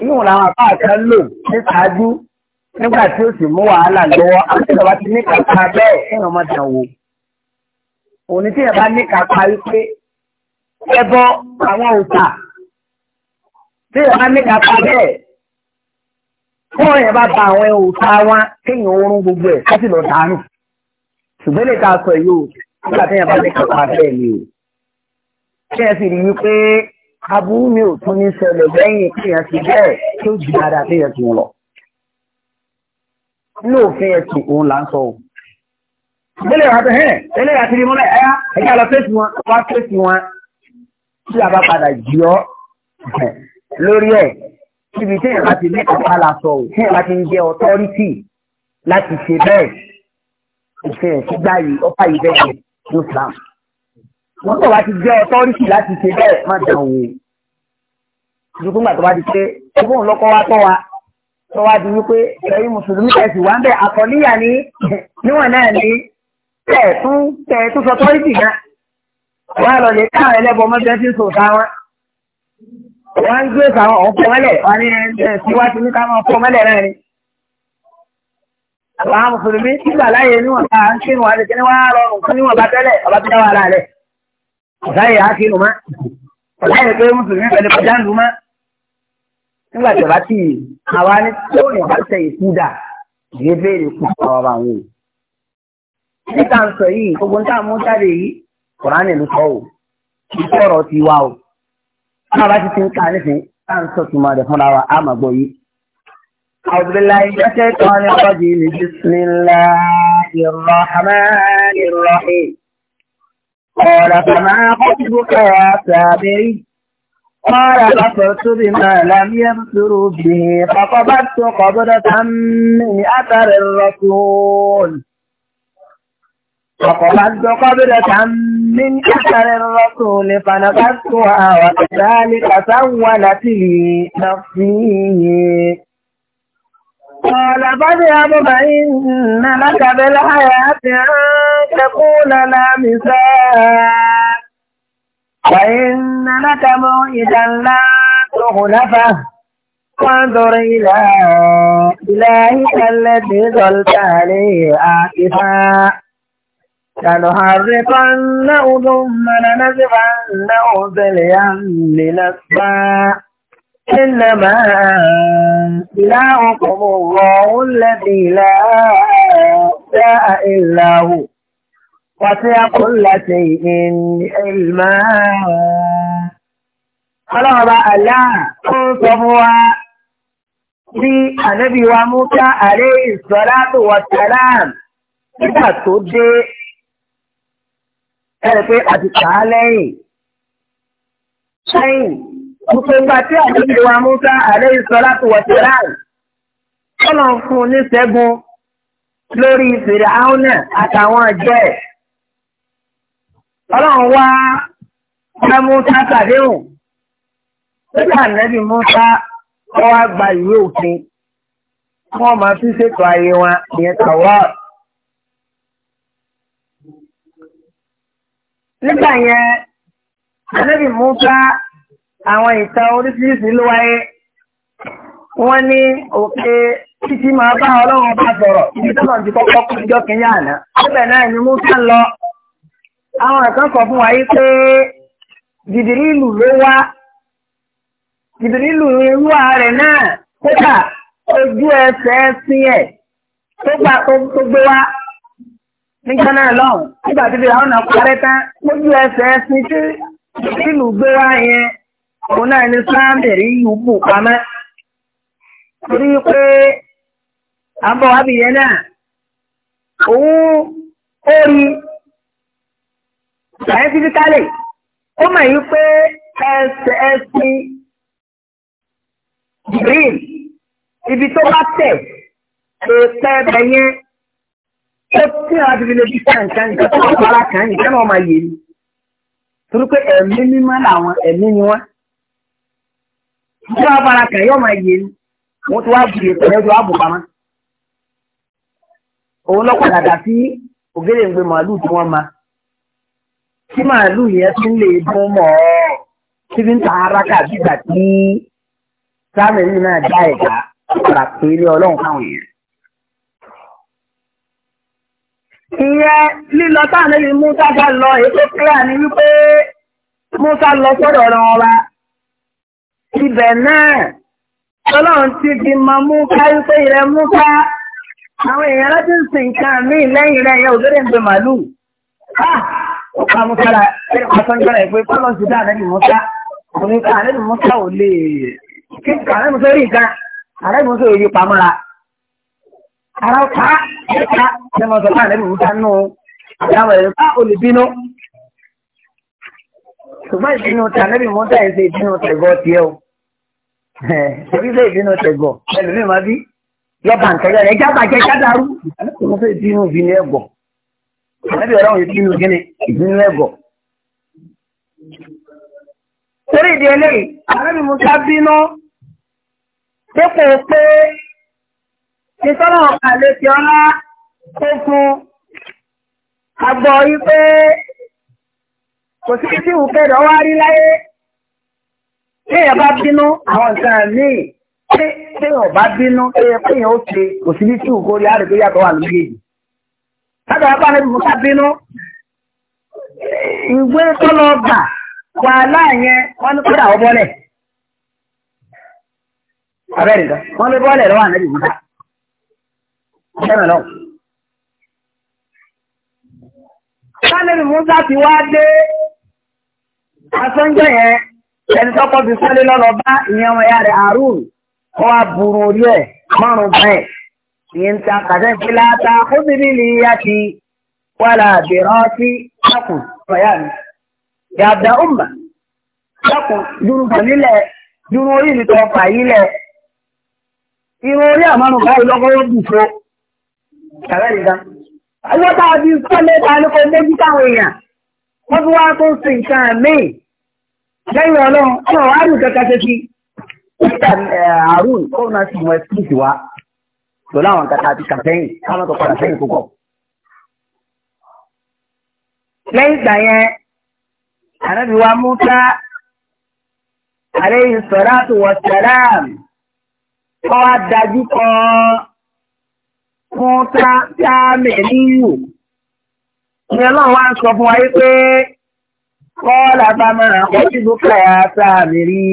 Inú làwọn àbá kan lò ní ṣáájú nígbà tí ó sì mú wàhálà lọ́wọ́ àtìjọba ti ní kápá bẹ́ẹ̀ kéèyàn má dàn wò. Òní tí ìyẹn bá ní kápá wípé ẹbọ àwọn òòtà tí ìyẹn bá ní kápá bẹ́ẹ̀ fún ìyẹn bá ba àwọn òòtà wọn kéèyàn oorun gbogbo ẹ̀ kásì lọ dànù. Ṣùgbọ́n lè ta sọ èyí o nígbà tí ìyẹn ní kápá bẹ́ẹ̀ ni o. Kí ẹ sì rí wípé aburú mi ò tún ní ṣẹlẹ̀ lẹ́yìn kéèyàn ti bẹ́ẹ̀ tó jù dáadáa kéèyàn ti lọ. inú òfin ẹ̀sìn òun là ń sọ o. ìgbélé wa tó hẹ́n ilé àti ìdí mọ́lẹ̀ ẹ̀yà ẹ̀yà lọ fèsì wọn wá fèsì wọn tí a bá padà jí ọ lórí ẹ̀ ibi téèyàn bá ti ní ọ̀pá la sọ o téèyàn bá ti ń jẹ́ ọtọ́rítì láti ṣe bẹ́ẹ̀ òfin ẹ̀sìn gbáyìí ọ̀pá yìí bẹ́ẹ̀ ní Islam. wọ́n tó wá ti jẹ́ ọtọ́rìtì láti ṣe bẹ́ẹ̀ má dàn wò ju fúngbà tó bá ti ṣe lọ́kọ́ wa tọ́ wa tọ́ wa di wípé ẹ̀yin mùsùlùmí wá ń bẹ̀ àkọlíyà ní níwọ̀n náà ní tẹ̀ tún tẹ̀ tún sọ náà wọ́n á lọ lè ká àwọn sọ wọn wọ́n ń gbé sàwọn ọ̀pọ̀ mẹ́lẹ̀ wà ní àwọn mùsùlùmí níwọ̀n ká ọ̀sáyè ákìlù mọ́ ọ̀sáyè pé mùsùlùmí pẹ̀lú pàjáǹdù mọ́ nígbà tí ọ̀bá tì í àwa ní tó ní ọ̀bá tẹ̀ ìkú dà ìyé béèrè kù àwọn ọba àwọn òun. níta ń sọ yìí gbogbo níta mú jáde yìí kùránì ló sọ ò ìfẹ́ ọ̀rọ̀ ti wá o tí wọ́n ti ti ń kà nísìnyí tá ń sọ tùmọ̀ rẹ̀ fúnra wa á mà gbọ́ yìí. أعوذ بالله من الشيطان الرجيم بسم الله الرحمن الرحيم قال فما خطبك يا سامري قال بصرت بما لم يبصروا به فقبضت قبضة من أثر الرسول فقبضت قبضة من أثر الرسول فنبذتها وكذلك سولت لي نفسي قال فاذهب فإن لك بالحياة أن تقول لا مثال فإن لك موئدا لا تخلفه وانظر إلى إلهك الذي ظلت عليه آكفا لنحرقنه ثم لنزفنه في اليم نسفا إنما إلهكم الله الذي لا إله إلا هو وسع كل شيء علما ọlọ́run bá àlá ń sọ fún wa bí ànábì wa Mùsá àrẹ ìsọ́látò wọ̀tàlám nígbà tó dé ẹ̀rẹ̀ pé àti kàá lẹ́yìn Gbogbo ìgbà tí àdúgbò wa Musa alayhi salatu wa salam. Kọ́nà fún un ní ṣẹ́gun lórí Fìràáúnà àtàwọn ẹ̀jẹ̀ ẹ̀. Ọlọ́run wá bá Musa sàdéhùn. Nígbà nẹ́bí Musa wọ́n wá gba ìwé òfin. Wọ́n máa fi ṣètò ayé wọn ìyẹn tàwọ́. Nígbà yẹn, Ànábì Musa àwọn ìtàn oríṣiríṣi ló wáyé wọ́n ní òkè títí máa bá ọlọ́run bá sọ̀rọ̀ ibi tó náà ti kọ́kọ́ kú ìjọ kìíní àná ọbẹ̀ náà ni Musa ń lọ àwọn kan sọ fún wa yìí pé jìbìrìlù ló wá jìbìrìlù irú ààrẹ náà kódà ojú ẹsẹ̀ sí ẹ̀ tó gbà tó gbé wá nígbà náà lọ́hùn nígbà tí bí àwọn náà parẹ́ tán lójú ẹsẹ̀ sí tí jìbìrìlù gbé wá yẹn òun náà ní sáàmìrí yùbù pamẹ́ torí pé àbọ̀ abìyẹn náà òun ó rí scientifically ó mọ̀ yí pé ẹsẹ̀ ẹsìn green ibi tó bá tẹ̀ èèpẹ̀ ẹbẹ̀ yẹn ó tí wọ́n ti fi lè fi kàn kàn nǹkan tó wà lára kàn nǹkan náà máa yé ni torí pé ẹ̀mí mímọ́ làwọn ẹ̀mí ni wọ́n tí wọ́n fara kàn yóò máa yé ni wọ́n ti wá bùrè pẹ̀lú tí wọ́n bù pamọ́. òun lọ padà dà sí ògèdè ń gbé màálùú tí wọ́n ma tí màálùú yẹn tún lè dún mọ́ ọ́ síbi ń ta ara kà bígbà tí sáàmì yìí náà dá ẹ̀dá padà pé ní ọlọ́run káwọn èèyàn. ìyẹn lílọ táwọn ẹni mú sáfà lọ èyí tó kíláà ni wípé mú sá lọ sọ́dọ̀ ọ̀rọ̀ ọba ibẹ̀ náà ọlọ́run ti fi mọ mú ká wípé ìrẹ mú ká àwọn èèyàn láti ń sin nǹkan míì lẹ́yìn rẹ̀ yẹ òdòdó ń bẹ màálù ọ̀pá ah! mọ́sára ẹni pàṣẹ́ńgbẹ́rẹ́ ìpé kọ́lọ́ sí dáa lẹ́nu mọ́sá òní ká lẹ́nu mọ́sá ò lè kí ààrẹ mọ́sá rí nǹkan ààrẹ mọ́sá ò yí pamọ́ra ara ọ̀pá ẹ̀ka ṣe mọ́sá láàrin mọ́sá nù àdáwọ̀ ẹ̀ka ah, olùbínú ṣùgbọ́n ìbínú ta níbi mọ́tà ẹ̀ ṣe ìbínú tẹ̀gọ́ tiẹ̀ o ṣèbí ṣe ìbínú tẹ̀gọ́ ẹlòmíì máa bí yọba nǹkan yọrọ ẹja bàjẹ́ jádarú àlùkòrò fẹ́ ìbínú ìbínú ẹ̀gọ́ àlẹ́bí ọ̀rọ̀ àwọn ìbínú gíní ìbínú ẹ̀gọ́. torí ìdí eléyìí àlẹ́bí musa bínú dípò pé ìtọ́nà ọ̀kà lè fi ọlá tó fún agbọ̀ yí pé kò sí tí wá rí láyé tí èèyàn bá bínú àwọn nǹkan míì tí bá bínú pé èèyàn ó ṣe tí rí àrùn tó yàtọ̀ wà lórí èyí. látara bá níbi mú ká bínú ìwé tó lọ gbà wà wọn ní kódà bọ́lẹ̀. abẹ́rẹ́ wọ́n lé bọ́lẹ̀ lọ́wọ́ asọ́njẹ́ yẹn ẹni tọ́kọ́ fi sọ́lé lọ́lọ́ bá ìyẹn ọmọ ìyá rẹ̀ àrùn ó wá burú orí ẹ̀ márùn bẹ́ẹ̀ ìyẹn ń ta kàtẹ́ ìpínlẹ̀ ata ó bí bí lè yá ti wàlà àbẹ̀rọ̀ sí dákùn ọ̀yá mi yàda ọmọ dákùn dúró bọ̀ nílẹ̀ dúró orí mi tọ́ fà yí lẹ̀ irun orí àmọ́nù báyìí lọ́kọ́ ó bù fún ṣàrẹ́ nìkan. ọjọ́ tá sọ́lé ta ní kò méjì táwọn èèyàn wọ́n fi wá tó sin nǹkan míì lẹ́yìn ọlọ́run ọ̀rọ̀ àrùn kankan ṣe sí àrùn kọ́nà sì mọ ẹ̀sìnkì wa pẹ̀lú àwọn kankan àti kàfẹ́yìn káwọn tó padà sẹ́yìn púpọ̀. lẹ́yìn ìgbà yẹn ànábì wa Mùsá alayhi salatu wa salam kọ́ wa dájú kan fún tá tá mẹ́rin yìí. ìyẹn náà wá ń sọ fún wa yìí pé. Kọ́lá bá máa kọ́ sí búkà sáàmìrí.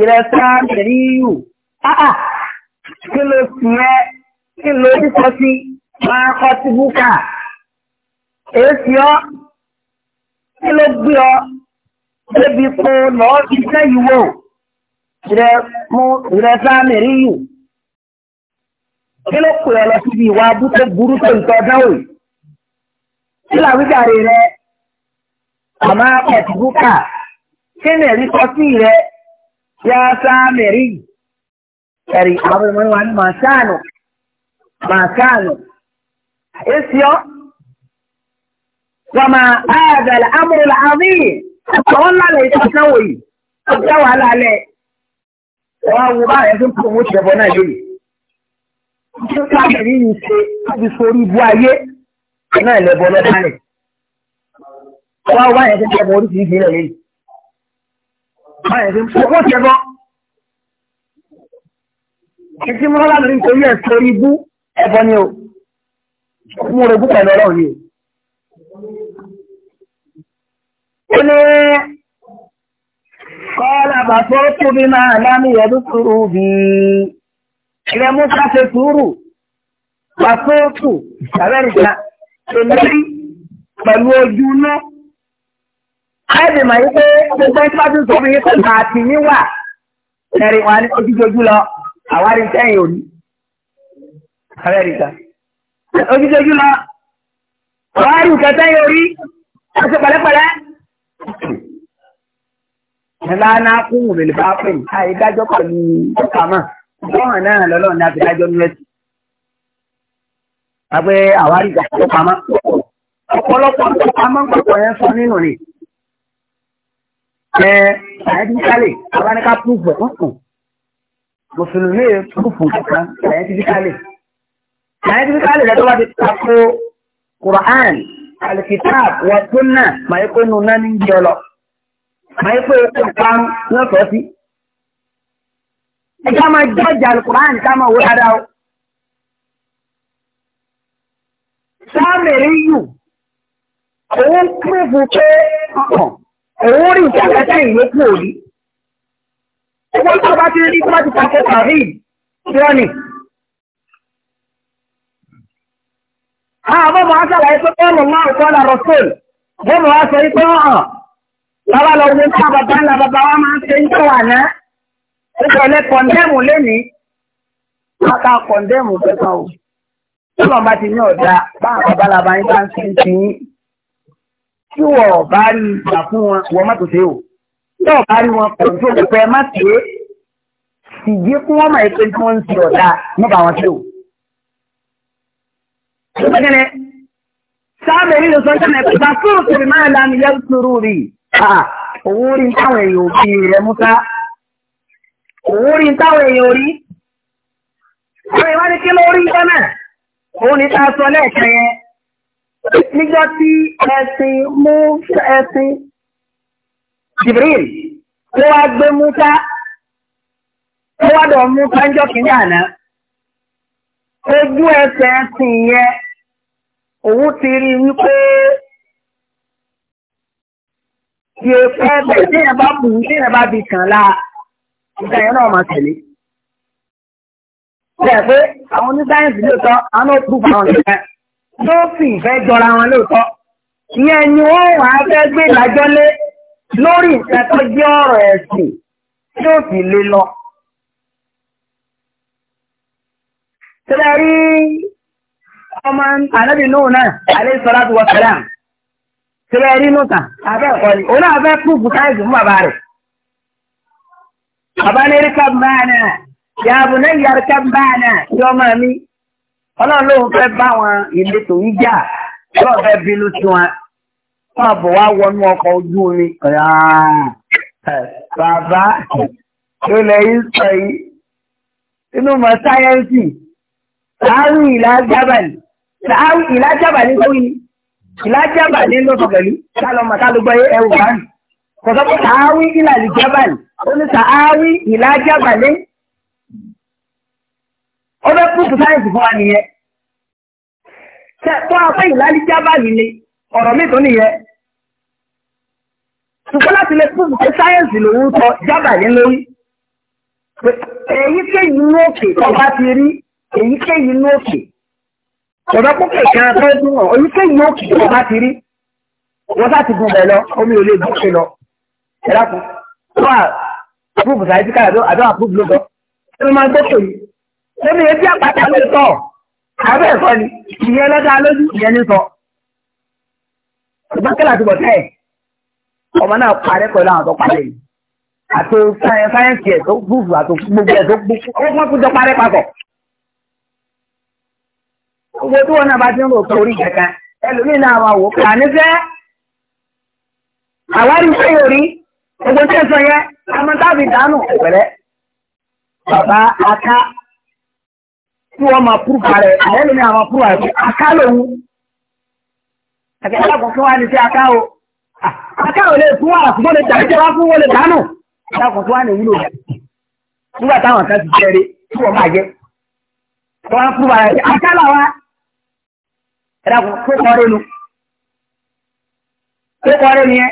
Ìrẹ sáàmìrí yù. Áà kí ló ti rẹ kí ló ti sọ sí máa kọ́ sí búkà. Èsì ọ́ kí ló gbé ọ débi kó lọ́ọ́ iṣẹ́ yìí wò. Ìrẹ mú ìrẹ sáàmìrí yù. Kí ló pè ọ lọ síbi ìwà abúté burú tó ń tọ́ dáwò? Kí rẹ̀? àmọ́ ẹ̀tìbúkà kí ni ẹ̀rí kọ́ sí rẹ̀ yá sáàmẹ̀rí ẹ̀rí àwọn ọmọ wa ní màsáànù màsáànù èsì ọ́ wọ́n máa ààbẹ̀lẹ̀ amúrúlà àmìyí àwọn lálẹ́ ìtọ́sẹ́ wò yìí ọjọ́ wà lálẹ́ wọ́n wo bá ẹ̀sìn pòmò tẹ̀bọ̀ náà lóye nípa ẹ̀rí yìí ṣe láti sọ orí bu ayé náà lẹ́bọ̀ lọ́dá rẹ̀ ọba ọba yẹn ti ń tẹ̀mọ oríṣiríṣi ilẹ̀ yìí ọba yẹn ti ń tẹ̀mọ tẹ̀mọ. Ẹtí mú lọ́la lórí nítorí ẹ̀sọ́ ibú ẹ̀bọ ni o. Mo rògbò pẹ̀lú ọlọ́run yìí. Ó ní kọ́lá bàtọ́ tóbi máa lámì ẹ̀dùn kúrú bí ilẹ̀ Musa ṣe sùúrù. Bàtọ́ tù sàbẹ̀rìkà èmi pẹ̀lú ojú náà ẹ bì mọ̀ yìí pé gbogbo ẹni bá tún sọ fún yín pé màtí yín wà ẹ̀rì wọn ni ojújojú lọ àwárí sẹ́yìn òní Amẹ́ríkà ojújojú lọ àwárí nǹkan sẹ́yìn orí ẹ̀sìn pẹ̀lẹ́pẹ̀lẹ́. Ẹ̀la náà kún òrèlè bá pè ní àìdájọ́ pẹ̀lú ọ̀kàmọ̀ bọ́ọ̀n náà lọ́lọ́run náà fi dájọ́ nínú ẹ̀sìn. Àgbẹ̀ àwárí ìgbà tó pamọ́ ọ̀pọ̀lọpọ̀ tó pamọ́ pọ̀pọ̀ yẹn sọ nínú rẹ̀ scientifically abanika proof ẹ̀ kọ̀ọ̀kan mùsùlùmí proof kankan scientifically scientifically lẹ́tọ́ bá ti tako Quran alikitab wa sunna máa kó nuna ní ìjọ lọ máa kó epo parun lọ́sọ̀ọ́ sí. ẹ̀ka máa jọ́jà Quran ká máa wó dáadáa o. sáà mèrè yù òun proof pé ọ̀hún òun rí nǹkan kẹta ìyókù òní. Ẹgbẹ́ tó bá ti rí tó bá ti pàṣẹ tàhíì tí wọ́n ní. Àwọn ọmọ máa ṣàlàyé pé bẹ́ẹ̀ lọ máa kọ́ lọ́rọ̀ sóòlù. Bẹ́ẹ̀ máa sọ pé hàn lọ́wọ́ lọ wo bá bàbá ńlá bàbá wa máa ń ṣe ń tọ́ wà náà. Ó kọ̀lẹ́ kọ̀ndẹ́mù lénìí. Wọ́n kọ̀ndẹ́mù bẹ́ẹ̀ kan o. Tí bá ti ní ọ̀dà bá àbábá làbá bá ń ṣe ń ṣe yín tí wọ́n bá rí ìgbà fún wọn wọ́n má tó ṣe o tí wọ́n bá rí wọn pẹ̀lú tó lè pẹ́ má ṣe é sì yé fún wọn máa pé tí wọ́n ń ṣe ọ̀dà mọ́ wọn ṣe o. Ìgbàgẹ́lẹ́ sáàbẹ̀ nínú sọ́jọ́nà ẹ̀kọ́ bá fún òkèrè máa la mi yẹ́rù tó rú rí. Òwò rí táwọn èèyàn òbí rẹ̀ múta. Òwò rí táwọn èèyàn rí. Àwọn ìwádìí kí ló rí gbọ́nà? Òun ni tá sọ lẹ́ẹ̀kan yẹn nígbà tí ẹ̀sìn mú ẹ̀sìn Jibril ló wá gbé Musa ó wá dọ̀ mú kánjọ́ kìíní àná ojú ẹsẹ̀ ẹ̀sìn yẹn òun ti rí wípé yẹ fẹ́ bẹ̀ tí yẹn bá bù tí yẹn bá bi kàn la ìgbà yẹn náà máa tẹ̀lé. Bẹ́ẹ̀ pé àwọn oníṣáyẹ̀nsì ló sọ àwọn náà àwọn nìkan tó sì fẹ́ jọra wọn lóòótọ́ ìyẹn ni wọ́n wà á fẹ́ gbé ìdájọ́ lé lórí nǹkan tó jẹ́ ọ̀rọ̀ ẹ̀sìn tí ó sì lè lọ. Tẹ́lẹ̀ rí ọmọ ànábì Nuhu náà, alayhi salatu wa salam. Tẹ́lẹ̀ rí Nuhu abẹ́ ẹ̀kọ́ ni, òun náà fẹ́ kú bùtáìsì fún bàbá rẹ̀. Bàbá ní rí kàbùmáà náà, yàbùnẹ́ yàrá kàbùmáà náà, yọ ọmọ mi ọlọ́run lóun fẹ́ bá wọn ìletò yìí jà ọlọ́run fẹ́ bínú sí wọn wọn bọ̀ wá wọnú ọkọ̀ ojú omi. bàbá ilẹ̀ yìí sọ yìí inú mọ̀ sáyẹ́ǹsì sàárù ìlàjábàlì sàárù ìlàjábàlì tó yìí ìlàjábàlì ló sọ pẹ̀lú sálọmọ sálọgbọ́ ẹrù kan kò sọ pé sàárù ìlàjábàlì ó ní sàárù ìlàjábàlì ó fẹ́ kúùtù sáyẹ́ǹsì fún wa nìyẹn. Tẹ́ẹ̀tọ́ afẹ́ ìlàlíjá báyìí ni ọ̀rọ̀ mi tó nìyẹn. Ṣùgbọ́n láti lè fún ìpè sáyẹ́ǹsì lòun sọ jábàlí lórí. Èyíkéyìí inú òkè ọba ti rí èyíkéyìí inú òkè. Ọ̀dọ́ púpọ̀ kan tó ń dùn ọ̀ èyíkéyìí òkè ọba ti rí. Wọ́n sá ti gun bẹ̀ lọ, omi ò lè gùn ṣe lọ. Ẹ dákun. Wọ́n à àpúrúfù sáyẹ́ǹsì káyọ̀ àdó àpúrúfù ló bọ̀. Ṣé àbẹ́ ẹ̀kọ́ ni ìyẹn lọ́dà lójú ìyẹn ní sọ. ṣùgbọ́n láti bọ̀ tẹ́ ọmọ náà parẹ́ pẹ̀lú àwọn tó parẹ́ yìí àti sáyẹ́ǹsì ẹ̀ tó gbùgbù àti gbogbo ẹ̀ tó parẹ́ papọ̀. owó tí wọn náà bá ti ń rò torí kankan náà tí wọ́n máa púrúfà rẹ̀ àwọn ló àwọn púrúfà rẹ̀ aká lòun àgbẹ̀dá kò fún wa ní sí lè fún wa àfúgbọ́ lè dà fún dánù fún wa ní nígbà táwọn kan ti jẹrè tí wọ́n máa jẹ tí wọ́n ẹ̀dá kò nu nìyẹn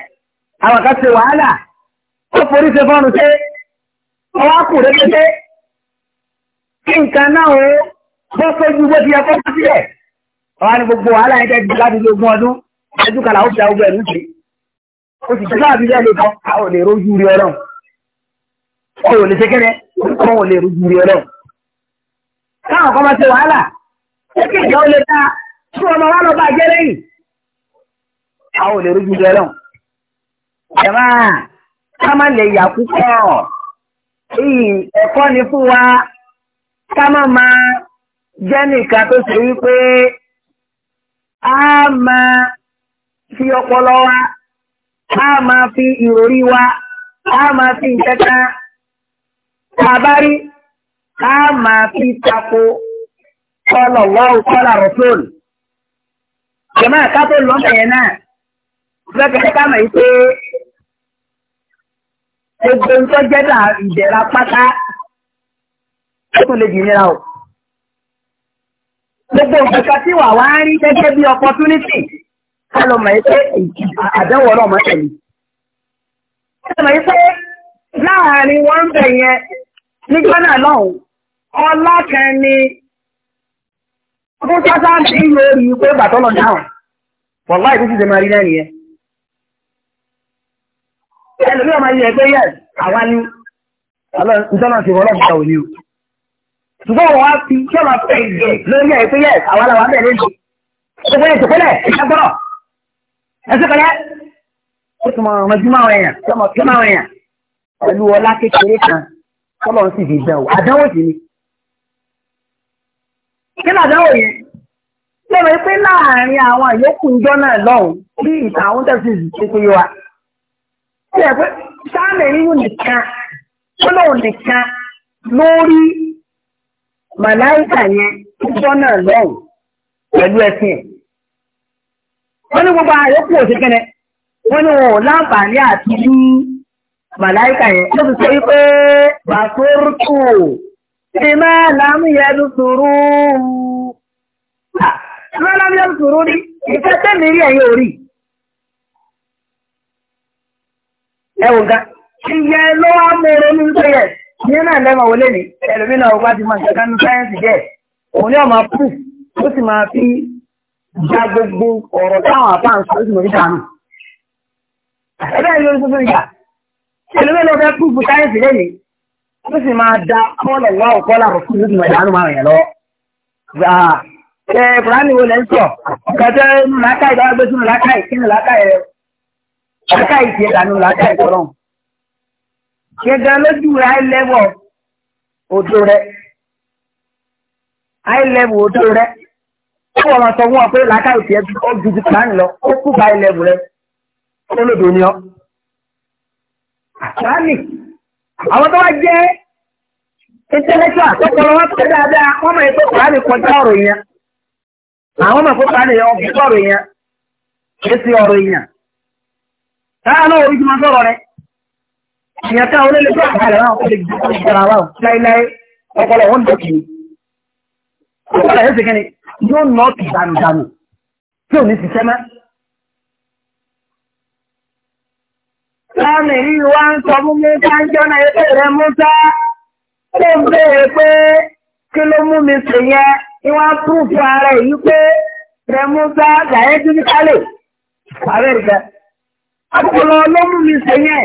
àwọn kan ṣe wàhálà ó forí ṣe fọ́nù ṣe ọwọ́ kù kí nǹkan náà ó bọ́ sójú bó ti yẹ kọ́ bá sílẹ̀ ọ̀hán ni gbogbo wàhálà yẹn tẹ́jú láti lé ogún ọdún ẹjú kàlà ó fi àwọn ẹ̀rú ṣe ó sì tẹ́lá àbí lẹ́lẹ̀ kan a ò lè rojú rí ọlọ́run ó ò lè ṣe kẹ́rẹ́ o ò lè rojú rí ọlọ́run káwọn kan máa ṣe wàhálà ó kéèké ó lè dá tí ọmọ wa lọ bá jẹ́ lẹ́yìn a ò lè rojú rí ọlọ́run jẹ̀má ká má lè yà púpọ̀ ẹ̀kọ́ ni fún wa ká má máa. jẹ́ nìkan tó ṣe wípé a máa fi ọpọlọ wa a máa fi ìròrí wa a máa fi ìtẹ́ta abari, a máa fi tako kọlọ̀ wọ́ọ̀ kọlà rọ̀tòlù. jẹ̀mọ́ àká lọ́mọ yẹn náà lọ́kẹ́ ká mọ̀ pé gbogbo ń tọ́jẹ́ ìdẹ̀ra pátá lè gbogbo òkúta tí wà wá rí gẹ́gẹ́ bí opportunity ká lọ mọ̀ pé àdánwò ọlọ́mọ tẹ̀lé. ká lọ mọ̀ pé láàárín wọn bẹ̀ yẹn lọ́hùn kan fún sásá ń bí lórí pé bàtọ́ lọ dáhùn wọ̀lá ìdíjú máa rí náà nìyẹn. ẹlòmíràn máa yẹ pé yẹ àwa ṣùgbọ́n pẹ̀lú ọlá kékeré kan tọ́lọ̀ sì fi bẹ̀wò àdánwò sí ni. kí ni àdánwò yẹn lọ́wọ́ pé láàárín àwọn àyókù ìjọ náà lọ́hùn bí ìtàn àwọn tẹ̀sí wa. ṣé ẹ pé sáà lè nìkan ó nìkan lórí màláìkà yẹn sọ́nà lọ́hùn pẹ̀lú ẹ̀sìn ẹ̀. wọ́n ní gbogbo àyókù òṣèkẹ́nẹ́ wọ́n ní wọn ò láǹfààní àti ní màláìkà yẹn ló fi sọ wípé bàtúrùtù ti máa lámúyẹdù sùúrù. Ah, máa lámúyẹdù sùúrù ní ìfẹ́ tẹ́mi rí ẹ̀yìn orí. ẹ wò ga ìyẹn ló wá mú ronú pé yẹn ìyẹn náà lẹ́mọ̀ wọlé ní ẹlòmínà ọba ti máa ṣẹ̀ká ní sáyẹ́ǹsì jẹ́ òun ní ọmọ pù ó sì máa fi já gbogbo ọ̀rọ̀ táwọn àpá ń sọ ó sì mọ̀ níta nù. ẹgbẹ́ ìlú orí tuntun ìjà ẹlòmínà ọba pù fún sáyẹ́ǹsì lẹ́yìn ó sì máa da kọ́lọ̀ wá òkọ́lá rọ̀ fún ìlú ìdánù máa rìn lọ́wọ́. ṣe kùránì wo lẹ ń sọ kẹtẹ nù lákàì gẹ́gẹ́ lójú rẹ̀ high level odò rẹ̀ high level odò rẹ̀ ó wọ́n máa sọ fún ọ pé làákàyè tiẹ̀ ó ju ti plan lọ ó kú bá high level rẹ̀ ó lòdò ni ọ. àṣàlì àwọn tó wá jẹ́ intellectual àkọ́kọ́rọ́ wọn pẹ̀lú dáadáa wọ́n mọ̀ ètò ìwádìí kọjá ọ̀rọ̀ yẹn àwọn ọ̀gbìn ọ̀rọ̀ yẹn ọ̀rọ̀ yẹn. táwọn náà orí ti máa ìyẹn ká wọn lè gbọ́ àkàrẹ̀ náà kó lè gbé ọ̀rọ̀ ìjọra wa láíláí ọpọlọ wọn dọ̀kì ni ọpọlọ yẹn sèkéni yóò nọ ọ̀kì dànùdànù tí ò ní ṣiṣẹ́ mẹ́. láàmì yìí wá ń sọ fún mi káńjọ́ náà yóò tẹ̀lé Musa tó ń béèrè pé kí ló mú mi sè yẹn ni wọ́n á tún ara èyí pé rẹ̀ Musa gàyẹ́ dídí kálẹ̀ àbẹ̀rẹ̀ ọpọlọ ló mú mi sè yẹn.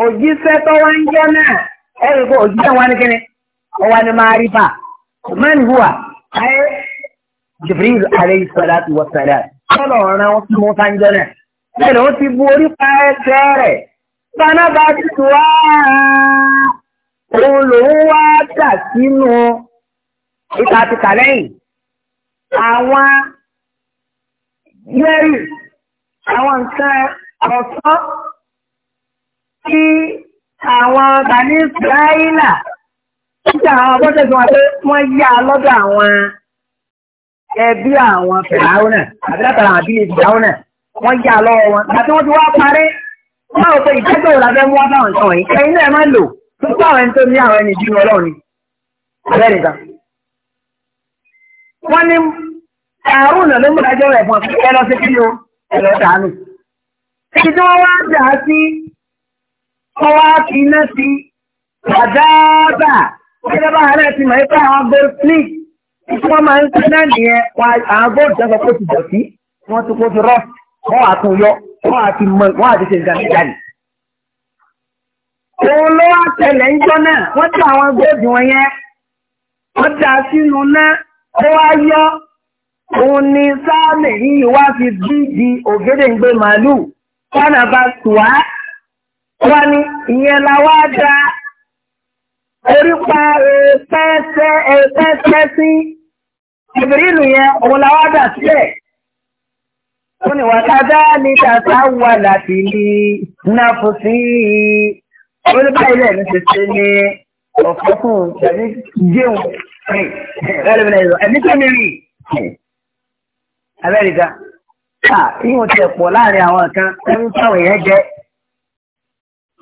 òjíṣẹ́ tó wá ń jẹ́ náà ẹ̀rí kó òjíṣẹ́ wa ní kíni ọwá ni máa rí bá man huwa ayé jibril alayhi salatu wa salam sọ́dọ̀ ọ̀rọ̀ wọn ti mú sáńjọ́ náà bẹ́ẹ̀ ni wọ́n ti bu orí pa ẹsẹ̀ rẹ̀ báná bá ti tù wá òun lòún wá dà sínú ìta ti kà lẹ́yìn àwọn yẹ́rì àwọn nǹkan ọ̀sán kí àwọn bàní Israẹ́là títí àwọn ọgbọ́sẹ̀ tí wọ́n pé wọ́n yá lọ́dọ̀ àwọn ẹbí àwọn fìdáwọ́nà àbí látara àwọn àbílẹ̀ fìdáwọ́nà wọ́n yá lọ́wọ́ wọn àti wọ́n ti wá parí wọ́n rò pé ìtẹ́jọ́ òun lábẹ́ mú wá báwọn nǹkan wọ̀nyí ẹ̀yin náà máa lò tó tó àwọn ẹni tó ní àwọn ẹni ìdíwọ́ ọlọ́run ni abẹ́ nìkan. wọ́n ní àrùn náà ló mú ìdájọ́ rẹ̀ fún ọ ọwá ti iná sí àdáàbà gẹ́gẹ́ bá ààrẹ ti mọ̀ ipá àwọn gold flip tí wọ́n máa ń tẹ́ náà nìyẹn àwọn gold jẹ́ sọ pé ti dọ̀tí wọ́n tún kó ti rọ́ọ̀tì wọ́n wà tún yọ wọ́n àti mọ wọ́n àti ṣe nǹkan nígbà ni. òun ló wá tẹ̀lé ń jọ náà wọ́n ti àwọn góòdù wọn yẹn wọ́n dà sínú náà ó wá yọ òun ni wọ́n ní ìyẹn la wá da orípa ẹ̀ẹ́sẹ́ ẹ̀ẹ́sẹ́ sí ìbìrìlù yẹn òun la wá dà sílẹ̀. ó ní wàkàdá ní tàṣà wà láti lè nàfò sí i oníbà ilẹ̀ mi ti ṣe ní ọ̀pọ̀ fún ẹ̀mí jẹun ẹ̀mí tó mi rí abẹ́rìndà. ìyóò tẹ̀ pọ̀ láàrin àwọn kan ẹ̀mí táwọn èèyàn jẹ́.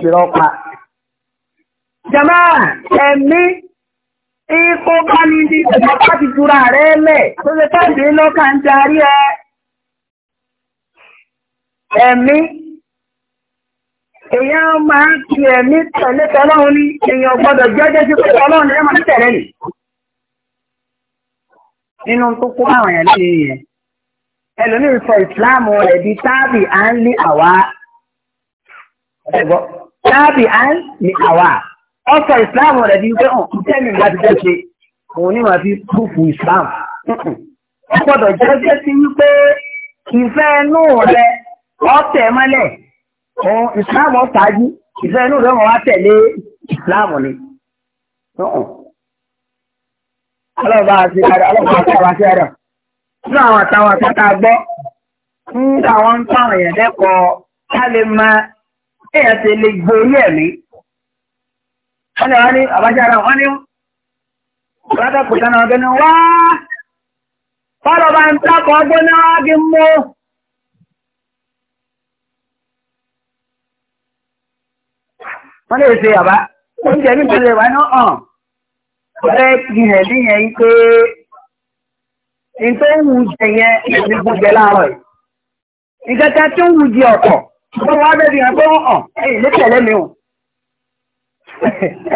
ìrọ́pa. Jàmá ẹ̀mí ikú bá ní ní ìjọba ti jura rẹ̀ lẹ̀ tó lè lọ́kà ń darí ẹ. Ẹ̀mí èèyàn máa ń fi ẹ̀mí tẹ̀lé tọ́lọ́run ní èèyàn gbọ́dọ̀ jẹ́jẹ́ sí pé tọ́lọ́run ni ẹ máa ń tẹ̀lé nì. Nínú tó kó àwọn èèyàn Ẹlòmíì sọ ìsìláàmù rẹ̀ tábì án ni àwa ọ̀sọ̀ ìsìláàmù rẹ̀ di wípé hàn iṣẹ́ mi láti jẹ́ ṣe òun ni wọ́n fi púpù ìsìláàmù. ó gbọ́dọ̀ jẹ́ jẹ́ sí wípé ìfẹ́ inú rẹ̀ ọ̀tẹ̀ mọ́lẹ̀ òun ìsìláàmù ọ̀tájú ìfẹ́ inú rẹ̀ wọ́n wá tẹ̀lé ìsìláàmù ni. ọlọ́ọ̀bá àti ọlọ́ọ̀bá àti àwọn àti ẹ̀rọ nínú àwọn àtàwọn àtàtà gbọ́ ń dà wọ́n ń tọ́ àwọn èèyàn lẹ́kọ̀ọ́ ká lè máa èèyàn ti lè gborí ẹ̀mí. wọ́n lè wá ní àbájára wọ́n ní bàtà kò sánà ọ̀gbẹ́ ni wá fọ́lọ̀ bá ń takọ̀ ọgbọ́n náà wá kí mú. wọ́n lè ṣe àbá oúnjẹ ní ìpínlẹ̀ wa náà hàn ọ̀rẹ́ ìhẹ̀ níyẹn yí pé ní tó ń láàárọ̀ yìí. ìkẹta tó ń wù jẹ ọ̀pọ̀. Ọ̀pọ̀ wá bẹ́ẹ̀ bí i àpọ́ ọ̀hàn, ẹ̀yìn ló tẹ̀lé mi ò.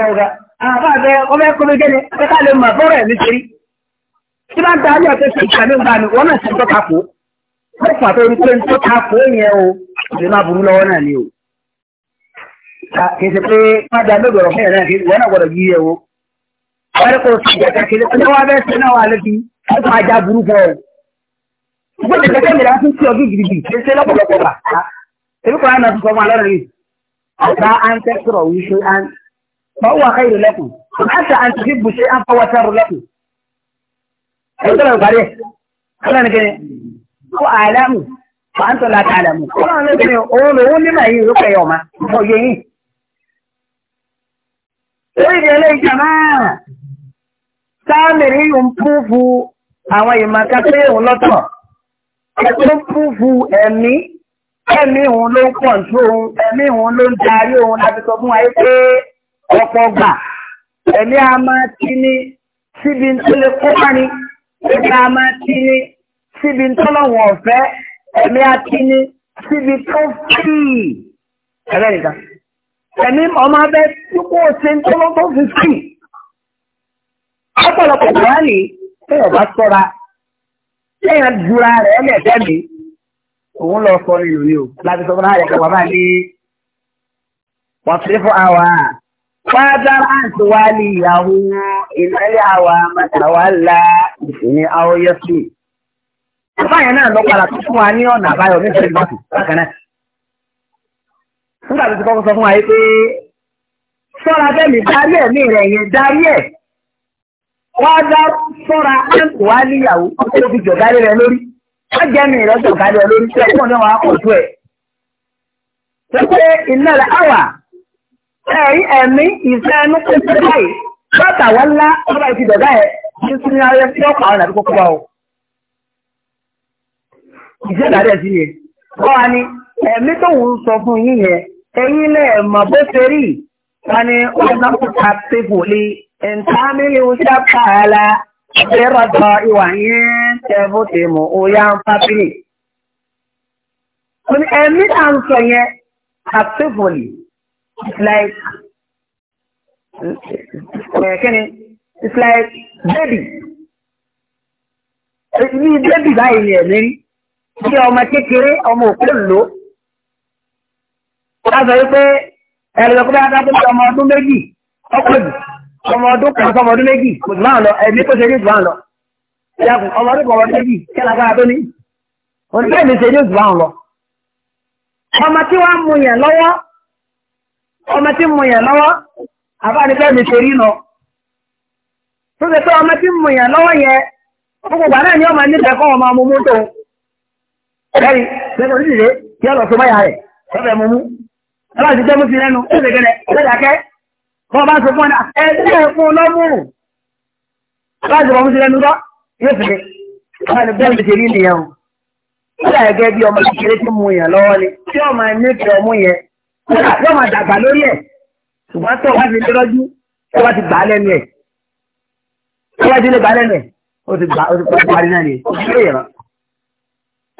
Ẹ̀rọ, àwọn àbẹ́ ọmọ ẹkùn mi gẹ́ni, ẹ̀ká lè mọ̀ fọ́rọ̀ ẹ̀mí ṣe rí. Tí bá ń da ní ọ̀tẹ́ sí ìgbà ní ìgbà ni, wọ́n náà ti ń tọ́ka kó. Wọ́n fà tó rí pé ń tọ́ka kó yẹn o, ìdè máa burú lọ́wọ́ náà ni o. Kì í ṣe pé má da lóògùn ọ̀rọ̀ fún yẹn náà kì í wọ́n náà gbọ́dọ̀ yí ẹ o. Àwọn ẹ̀kọ́ ti ìjẹta kiri, ebi kò ànà sọmọ alẹ́ rẹ̀ yìí ọ̀gá àǹtẹ̀ sọ̀rọ̀ wí ṣe àn fọwọ́ wà káyọ̀ lẹ́kùn àṣà àǹtẹ̀ fi bù ṣe àn fọwọ́ sẹ́rù lẹ́kùn. ẹ̀rọ tó lọ gbàdé ọ̀gá ni kẹ́ni kó àlámù fàǹtọ̀ láti àlámù ọ̀gá ni kẹ́ni òun lòun ní màá yìí ló kẹ́yọ̀ ọ̀ma ọ̀ yẹ yìí. lórí ìdí ẹlẹ́yìn jàmá sáàmìrì ń púfù àwọn ìmọ̀ká pé òun lọ́tọ̀ ẹ̀ tó púfù ẹ̀mí ẹ̀mí òun ló ń kọ̀ǹtó òun ẹ̀mí òun ló ń darí òun láti sọ fún wa yìí pé ọ̀pọ̀ gbà ẹ̀mí a máa ti ní síbi tó lè kópa ni ẹ̀mí a máa ti ní síbi tó lọ́wọ́ ọ̀fẹ́ ẹ̀mí a ti ní síbi tó fìí ẹ̀rẹ́ nìkan ẹ̀mí ọmọ abẹ́ tí kò ṣe ń tọ́lọ́ tó fi fìí ọ̀pọ̀lọpọ̀ kùránì tí ọba sọ́ra tí èèyàn jura rẹ̀ ẹ̀mí ẹ̀fẹ́ mi òun lọ sọ nínú ni o láti sọ fún àyàkọ bàbá ní wàtífù àwà fáadán àti wálé ìyàwó ìnáyà àwà màtàwálà ìfìní àwòyẹsì. bàbá yẹn náà lọ padà tó fún wa ní ọ̀nà àbáyọ ní ìṣẹ́jú bàtù bákan náà. nígbà tó ti kọ́kọ́ sọ fún wa yìí pé sọ́ra bẹ́ẹ̀ni darí ẹ̀mí rẹ̀ yẹn darí ẹ̀ wáá dá sọ́ra àti wálé ìyàwó tó fi jọ̀ darí rẹ̀ lórí wọ́n jẹ́ mi ìrẹ́sọ̀ kalẹ̀ lórí tí ẹ̀kọ́ náà wà á kọ̀tù ẹ̀. Pépé iná la àwà ẹ̀rí ẹ̀mí ìfẹ́ ẹnu kó tó báyìí bàtà wọn ńlá ọba ìfi dọ̀gá ẹ̀ tí ó ní ayé tí ó pa ọ̀nà àdúgbò kúwa o. Ìṣe ìdádẹ́ sí yẹn. Wọ́n wá ní ẹ̀mí tó ń sọ fún yín yẹn ẹ̀yin lẹ̀ mọ̀ bó ṣe rí wọn ni wọn náà kó ta pépò lé ẹ̀ńtámílì oṣù tẹ́fótè mọ̀ óyá ń pápínì. Ẹ̀mí à ń sọ yẹn actively it's like kíni it's like baby. Ní baby báyìí ni ẹ̀mí rí. Bí ọmọ kékeré ọmọ òkú lò. Wọ́n á sọ wípé ẹ̀rọ ìlọ́kùnrin adágún ọmọ ọdún méjì ọkọ̀ jù ọmọ ọdún kan sọmọ ọdún méjì kò jù máa lọ ẹ̀mí tó ṣe ní jù lọ ẹ̀yàkùn ọmọ ọdún kọ̀ọ̀rọ̀ débi kẹ́lágbára tó ní. Òǹtẹ́ mi ṣe ní oṣù báwọn lọ. Ọmọ tí wọ́n mú yẹn lọ́wọ́, ọmọ tí mú yẹn lọ́wọ́, àbánifẹ́ mi ṣe rí lọ. Tó ṣe pé ọmọ tí mú yẹn lọ́wọ́ yẹn, gbogbo gbà náà ni ọmọ níta kọ́ ọmọ mú mú tó. Ẹ̀rí lẹ́nu onídìrí kí ọ̀rọ̀ so báyà rẹ̀ ọ̀fẹ́ mú mú. Ọlọ́run ti jẹ́ mú sí lẹ́nu, ó ṣe gẹ́gẹ́ lẹ́dàkẹ́. Bọ́ọ̀ bá so fún ọ yóò fi wọn bẹ́ẹ̀ lè ṣe rí nìyẹn o kódà gẹ́gẹ́ bí ọmọ kékeré tí mu yàn lọ́wọ́ ni tí ọmọ nífẹ̀ẹ́ ọmú yẹn kódà tí ọmọ dàgbà lórí ẹ̀ ṣùgbọ́n tó wá fi lọ́jú tó wá ti gbà á lẹ́nu ẹ̀ tó wá ti lè gbà á lẹ́nu ẹ̀ O ti gbà ó ti pọ̀ parí náà ni ó ti lè yẹ̀rọ.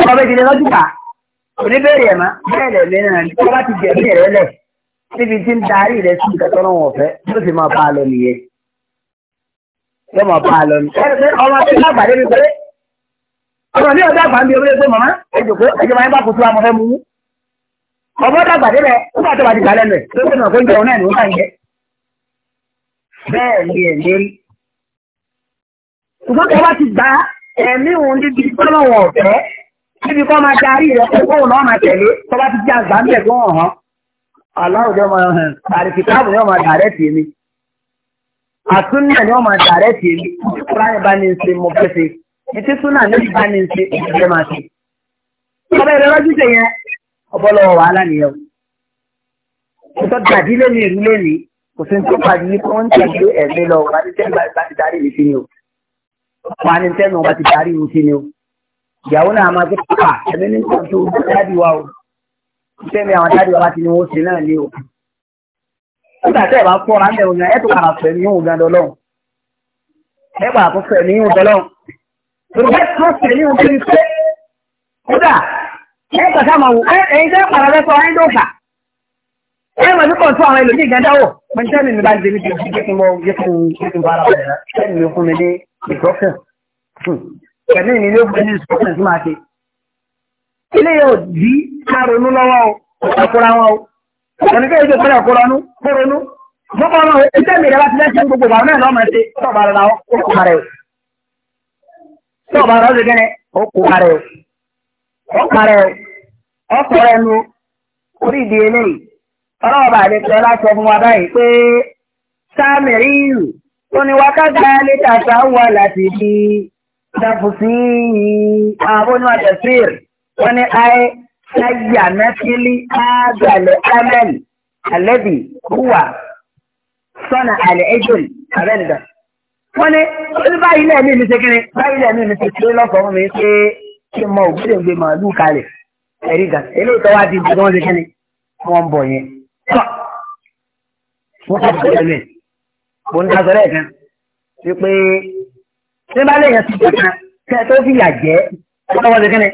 ọmọ bẹ́ẹ̀ ti lè lọ́jú gbà oníbẹ̀rẹ̀ ẹ̀ má bẹ́ẹ̀ lẹ̀ mí náà tó wá ti jẹ̀ mí rẹ̀ lẹ̀ níbi tí ń darí rẹ̀ sí ìkàtọ́ náà wọ̀fẹ́ tó sì máa bá a lọ nìyẹn yọ mọ̀ bá a lọ ní. ọmọ tí wọ́n gbàdé mi pé ọmọ mi ò dàgbà ń bí ewé pé màmá ẹjọ́ pé ẹjọ́ máa ń bá kutu àmọ́ fẹ́ mú. ọmọ dàgbà dé rẹ̀ ó bá tó bá ti gbà lẹ́nu ẹ̀ tó ń gbé ọ̀nà ìlú náà yẹ. bẹ́ẹ̀ ni ẹ̀ lérí. ṣùgbọ́n tó bá ti gbà ẹ̀mí òun níbi tọ́lọ́wọ̀n ọ̀fẹ́ níbi kọ́ máa darí rẹ̀ pé kóun náà máa tẹ̀lé tó bá ti jẹ́ àgbà ń bẹ̀ tó hàn án. aláwùjọ máa hàn àrìkìtàbù yóò máa dàrẹ́ tì mí àtúnà ni wọ́n máa tààrẹ́ sí èmi fúráyìn bá ní ṣe mo fẹ́ ṣe ètí súnà níbi bá ní ṣe ìṣẹ́ máa ṣe. ọba ìrẹ́ lọ́jú ṣe yẹn ọbọ̀lọ́wọ́ wàhálà nìyẹn o. ìtọ́ dàdí lẹ́nu ìlú lẹ́nu kò sí tó pàdé ní kó tẹ̀lé ẹ̀mí lọ wà ní tẹ́lẹ̀ bá ti darí mi sí ni o. wà ní tẹ́lẹ̀ bá ti darí mi sí ni o. ìyàwó náà máa ti pà ẹ̀mí ní kò tó dáàdì wa o. ìfẹ́ àwọn dáàdì wa ti ní wọ́n ṣe náà ní òkú nígbà tẹ́ ẹ̀ bá fọ́ra ńlẹ̀ òyìn ẹ̀ tó kàrà fẹ̀ ní òun gan dọ́lọ́hùn ẹ̀ pà tó fẹ̀ ní òun dọ́lọ́hùn ìrùbẹ́ tó fẹ̀ ní òun kiri pé kódà ẹ̀ kàtà máa wù ẹ̀ ẹ̀yin tẹ́ pàrọ̀ rẹ̀ sọ ẹ̀ ń dọ́kà ẹ̀ wọ́n ti tó àwọn ẹlòmíì gan dáwọ̀ pẹ̀ntẹ́ mi bá ń débi tó fi jẹ́kun mọ́ jẹ́kun mi fún mi ní ìtọ́fẹ̀ pẹ̀lú ìní ló gbé ní ìtọ́fẹ̀ tó máa ẹnìkan ìjọ ìpínlẹ̀ kóronú kóronú gbogbo ọmọ ẹgbẹ́ mi rẹ̀ bá ti gbogbo bàbá náà lọ́mọ ẹsẹ̀ tọ́ba rẹ̀ ó kó ara ẹ̀ tọ́ba gẹ́nẹ̀ ó kó ara ó ó ẹnu orí ìdí كي مثل هذا الأمل الذي هو صنع العجل هذا. ده wọ́n ní báyìí lẹ́ẹ̀mí mi ṣe kiri báyìí lẹ́ẹ̀mí mi ṣe kiri lọ́sọ̀ọ́ mi ṣe kí n mọ òbílẹ̀ ògbé màálù kalẹ̀ ẹ̀rí gà eléyìí tó wá di ibi tí wọ́n ṣe kiri wọ́n ń bọ̀ yẹn. wọ́n ti bọ̀ lẹ́mẹ̀ kò ń dasọ̀ lẹ́ẹ̀kan wípé ní bá lẹ́yìn ẹ̀sìn kankan kẹ́ ẹ tó fìyà jẹ́ wọ́n ṣe kiri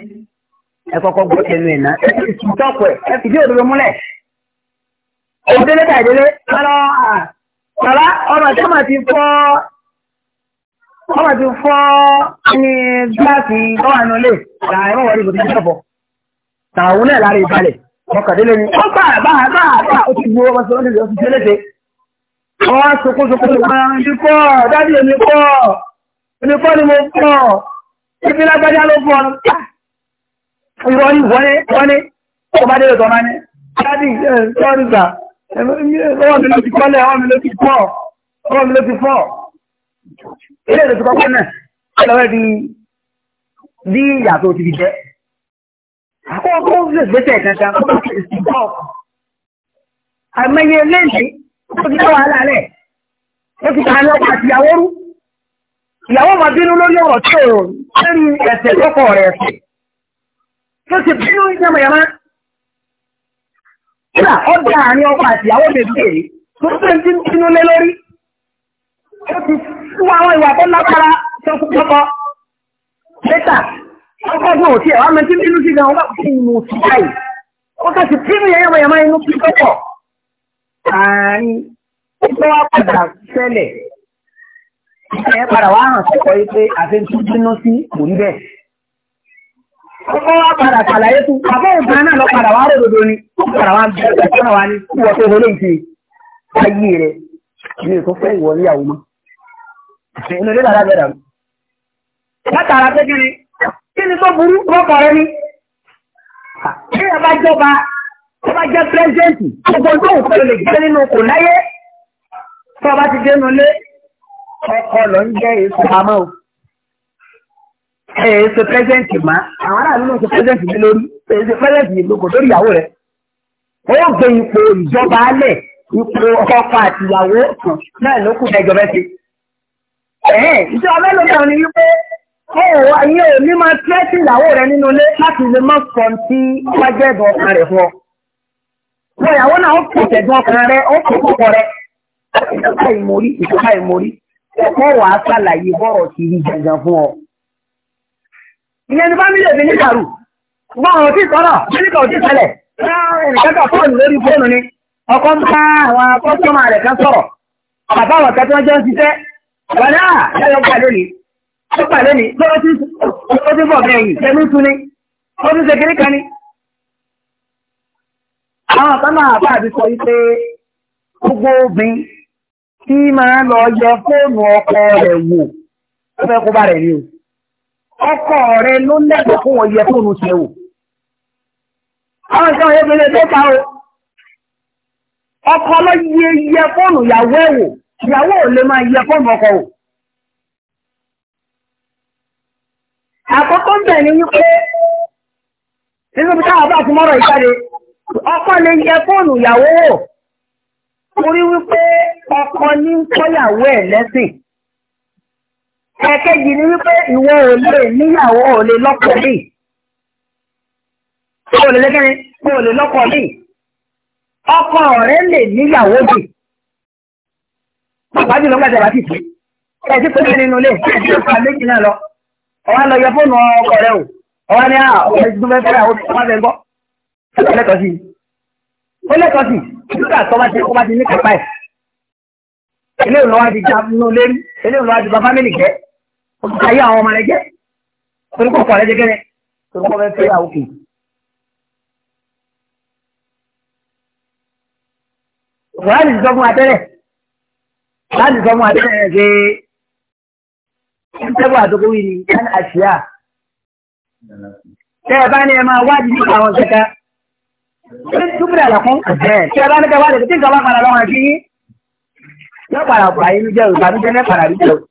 ẹ kọ́kọ́ gbọ́ tẹnu ẹ ti sùn tọ́pọ̀ ẹ̀ ẹ fìdí òdodo múlẹ̀. òdélé tàdélé ọlọ bàbá ọmọ tí ọmọ ti fọ́ ọmọ ti fọ́ ní gíláàsì ọwọ́ lè là ẹ wọlé ìbòmí ìjọpọ̀ tàwọn náà lára ìbalẹ̀ ọkàdélé ni ó bá bá bá bá ó ti gbowó ọmọ sọ wọn ti ṣe léṣe. wọ́n sokosoko wọn ti pọ̀ dábìlì mi pọ̀ mi pọ̀ ni mo pọ̀ ibi lágbájá ló pọ̀ ọ́nà ìwọ ní wọ́n ní wọ́n ní ọba dé ọ̀tọ̀ máa ní dádì sọ́ọ̀rì gbà ọwọ́ mi ló ti kọ́lẹ̀ ọwọ́ mi ló ti fọ́ ọwọ́ mi ló ti fọ́ ilé ìdòtí kọ́kọ́ náà lọ́wọ́ di bí ìyàtọ̀ ti fi jẹ́ àwọn ọkọ̀ òṣèlú gbèsè kankan kó bá ti sì bọ́ àmọye lẹ́yìn tó ti dáwà lálẹ́ ó ti kàn lọ́pọ̀ àti ìyàwó rú ìyàwó máa bínú lórí ọ̀rọ̀ tí ò lórí ẹ̀sẹ̀ lọ́kọ̀ rẹ̀ ẹ̀sẹ̀ tó ti bí ó ń jẹ́ mọ̀yàmá. Kílà ó dá àárín ọkọ àti ìyàwó bèbè èyí tó tó ń bínú lé lórí. Ó ti fún àwọn ìwà tó lágbára tó kú kọ́kọ́. Lẹ́tà ọkọ̀ fún òtí ẹ̀ wá mọ tí bínú sí gan ọba kò sí inú òtí báyìí. Ó kẹ́ ti bínú yẹn mọ̀yàmá inú kí kọ́kọ́. Àárín ó tó padà ṣẹlẹ̀. Ìṣẹ̀yẹ padà wá hàn sọ́kọ̀ yìí pé àfẹ́ntú bínú sí kò rí bẹ́ẹ̀. Ọkọ̀ wá padà ṣàlàyé fún bàbá òǹkà náà lọ padà wá ròdòdó ni, ó padà wá bẹ̀rẹ̀ sọ́nà wa ní kí wọ́n tó wọlé ìṣe ayé rẹ̀ ní ètò fẹ́ ìwọ níyàwó mọ́. Inú ilé dàda bẹ̀rẹ̀ mi. Látara pé kí ni kí ni tó burú lọ́kọ̀ rẹ ní? Ṣé ẹ bá jọba ẹ bá jẹ́ pírẹ́sẹ̀ǹtì gbogbo tó ń pẹ̀lú lè gbé nínú kò láyé? Tọ́ ọba ti dénú lé ọkọ̀ lọ ń jẹ́ èso pamọ́ o ẹ ṣe pẹ́sẹ́ǹtì má àwọn aráàlú náà ṣe pẹ́sẹ́ǹtì mi lórí ẹ ṣe pẹ́sẹ́ǹtì mi lóko lórí ìyàwó rẹ̀ ó gbé ipò ìjọba alẹ̀ ipò ọkọ àtìyàwó kan náà ló kù ẹjọ́ bẹ́ẹ̀ ṣe. ẹ ìjọba mélòó náà ni wípé ó wà ní òní máa tẹ́tí ìyàwó rẹ̀ nínú ilé láti lè má sọ tí wọ́n jẹ́ ọkàn rẹ̀ fún ọ. wọ́n ìyàwó náà ó kò tẹ̀gbọ́n ọkàn rẹ̀ ó kò kọ́kọ́ rẹ̀ ìjọba ìmórí ìjọba ìmórí ẹ̀kọ́ wàá ṣàlàyé bọ́rọ̀ kiri gangan fún ọ ìyẹn ní fámílì èmi ní ìdàrú ṣùgbọ́n àwọn tí sọ̀rọ̀ mílíkà ò tí ṣẹlẹ̀ ìkẹ́kọ̀ọ́ fóònù lórí fóònù ni ọkọ ń bá àwọn kọ́sọ́mà rẹ̀ kan sọ̀rọ̀ bàbá àwọn kan tí wọ́n jọ ń ṣiṣẹ́ bàbá náà ẹ̀rọ pàdé ni ó pàdé ni lọ́wọ́ tí ó ti bọ̀ bẹ́ẹ̀ yìí ẹnu tún ni ó tún ṣe kiri kan ni. àwọn kan náà bá àbí sọ wípé gbogbo obìnrin tí máa lọ yẹ fóònù ọkọ rẹ̀ wò ó fẹ́ kó bá rẹ̀ ni o ọkọ rẹ ló lẹ́gbẹ̀ẹ́ fún wọn yẹ fóònù ṣe wò. Àwọn ìṣẹ́ òye gbélé tó ta o. Ọkọ ló yẹ yẹ fóònù ìyàwó ẹ̀ wò. Ìyàwó ò lè máa yẹ fóònù ọkọ o Àkọ́kọ́ bẹ̀ ni wípé nínú bí táwọn bá ti mọ́rọ̀ ìjáde, ọkọ lè yẹ fóònù ìyàwó wò. Torí wípé ọkọ ní ń kọ́ ìyàwó ẹ̀ lẹ́sìn ẹ̀ẹ̀kejì ni wípé ìwọ ò lè níyàwó ò lè lọ́kọ mi ò lè lẹ́kẹ́ni ò lè lọ́kọ mi ọkọ rẹ lè níyàwó mi bàbá jùlọ gbàdé bá ti fi ẹ̀ ti pèsè nínú ilé ẹ̀ ti pa méjì náà lọ ọ̀wá lọ yẹ fóònù ọkọ rẹ o ọ̀wá ní àwọn ah, ẹ̀dùnmẹ́ fẹ́ àwọn ọmọ rẹ gbọ́ ó lẹ́tọ̀ọ́ sí ó lẹ́tọ̀ọ́ sí nígbà tó bá ti kó bá ti ní kápá ẹ̀ eléyìí lọ́wọ́ ti já nínú lérí eléyìí lọ́wọ́ ti bá fámìlì jẹ́ ọ̀gá ayé àwọn ọmọ rẹ jẹ́ torúkọ ọkọ rẹ jẹ́ kẹ́rẹ́ torúkọ fẹ́ fẹ́ àwọn òkè. wàá nì sọ fún atẹ́rẹ̀ wàá nì sọ fún atẹ́rẹ̀ rẹ̀ pé ìtẹ́gùn àtòkò wí ni kán àṣìyà. tẹ́ ẹ bá ní ẹ máa wádìí nípa àwọn kẹta ní túbúrẹ̀ àlàkún tẹ́ ẹ bá ní kẹ wádìí tí nǹkan padà lọ́wọ́ àti yín yóò padà pààyè ní jẹ́ òrùka ní jẹ́ ní padà rí jẹ́ òrùka.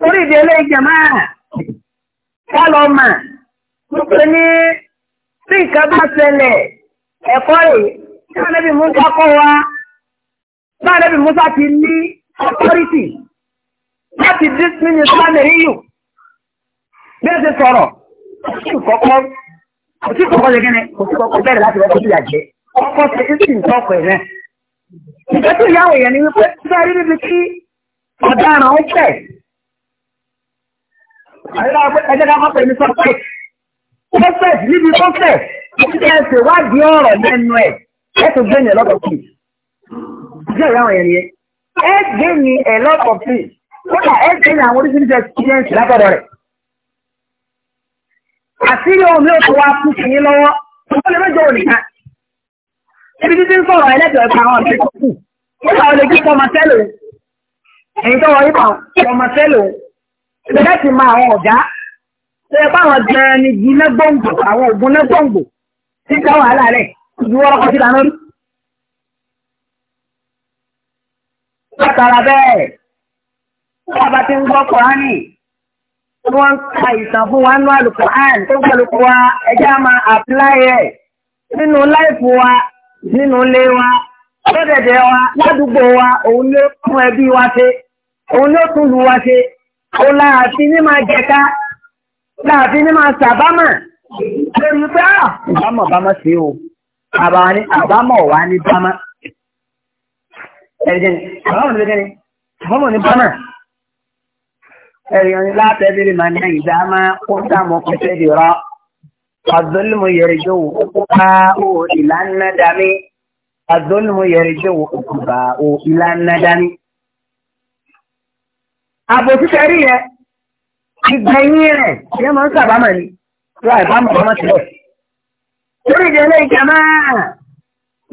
Torí ìdí eléyìí jẹ̀má ká lọ mà. Wípé ní tí nǹkan bá ṣẹlẹ̀ ẹ̀kọ́ rè bá Nẹ́bí Musa kọ́ wa. Bá Nẹ́bí Musa ti ní authority láti dis minister nìyíyù. Bí ẹ ti sọ̀rọ̀, kò kọ́kọ́ kò sí kọ́kọ́ lẹ́gẹ́ ni kò sí kọ́kọ́ bẹ̀rẹ̀ láti wọ́pọ̀ síyà jẹ́. Ọkọ̀ ṣe é sì ń tọ́kọ̀ ẹ̀ Ìgbésẹ̀ ìyáwó yẹn ni wípé bẹ́ẹ̀ rí níbi tí ọ̀daràn ó tẹ̀ ẹjẹ́ ká máa pẹ̀lú sọ́pẹ̀. Sọ́pẹ̀ níbi sọ́pẹ̀ ẹ ṣe wádìí ọ̀rọ̀ lẹ́nu ẹ̀ ẹ tún gbé ní ẹlọ́pọ̀ sí. Ṣé ìyá àwọn ẹ̀rí ẹ? Ẹ gbé ní ẹlọ́pọ̀ sí. Kódà ẹ gbé ní àwọn oríṣiríṣi ẹ̀sìkíyẹ̀nsì látọ̀dọ̀ rẹ̀. Àṣírí ohun mi ò tó wá fún sí yín lọ́wọ́. Ó lè mẹ́jọ òní ká. Ibi títí ń sọ̀rọ̀ ẹlẹ́tọ̀ọ́ ẹ̀ka àwọn ọ̀dọ́ tó kù. Ó ìbẹ̀rẹ̀ ti ma àwọn ọ̀gá tó yẹ fáwọn gan-an ni jiná gbòǹgbò àwọn ògùn náà gbòǹgbò tí ká wàhálà rẹ̀ ju ọkọ̀ sí lánàá rí. látara bẹ́ẹ̀ bàbá ti ń gbọ́ kọ́ránì tí wọ́n ń ka ìtàn fún wa nú àlùkùránì tó ń pẹ̀lú wa ẹjẹ́ a máa àpíláyé ẹ̀ nínú láìpù wa nínú ilé wa lọ́dẹ̀dẹ̀ wa ládùúgbò wa òun ló tún ẹbí wa ṣe òun ló tún lù wa ṣe ó láàfin ní máa jẹta láàfin ní máa sàbámà lórí pé á ah, ìbámọ̀ bámọ̀ sí o àbámọ̀ wà ní bámọ̀ ẹ̀rìjẹ̀ni àbámọ̀ ní bẹ́jẹ̀ni àbámọ̀ ní bámọ̀ ẹ̀rìjẹ̀ni látẹ̀bírí màá ní àyíká máa kó dààmú pẹ̀sẹ̀ dìrọ̀ àdólùmù yẹ̀rìjọ́ wò ó bá o ìlànà dání àdólùmù yẹ̀rìjọ́ wò ó bá o ìlànà dání àbò títẹ rí yẹn ìgbẹ̀yìn rẹ̀ ìyẹn máa ń sàbámọ̀ ni lọ àìbámọ̀ ọmọ tìlẹ̀. lórí ìdílé ìjàmá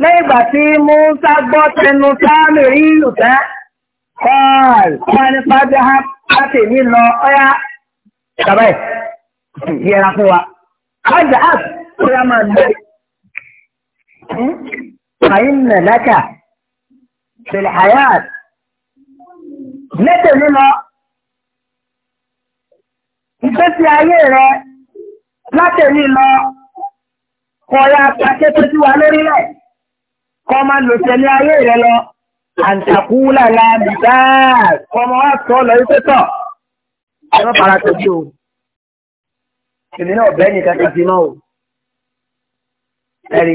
lẹ́yìn ìgbà tí Musa gbọ́ tẹnu sáàmì rí òtá kọ́ọ̀l kọ́ ẹni pàdé ha láti èmi lọ ọ́yá bàbá ẹ̀ yẹra fún wa. ọjà app kó yá máa lọ. Àyìn nà lákà, ṣèlè àyà, lẹ́tẹ̀ mi lọ ìgbésí ayé rẹ látẹ̀lí lọ kọ̀ọ̀yà pàṣẹ tó ti wà lórílẹ̀ kọ́ máa lò tẹ̀lé ayé rẹ lọ àǹtàkúlà láàbì dáa kọ́ máa wá sọ lọ wípé tọ̀ ẹ̀rọ fara tó o èmi náà bẹ́ẹ̀ ni kankan fi náà o ẹ̀rí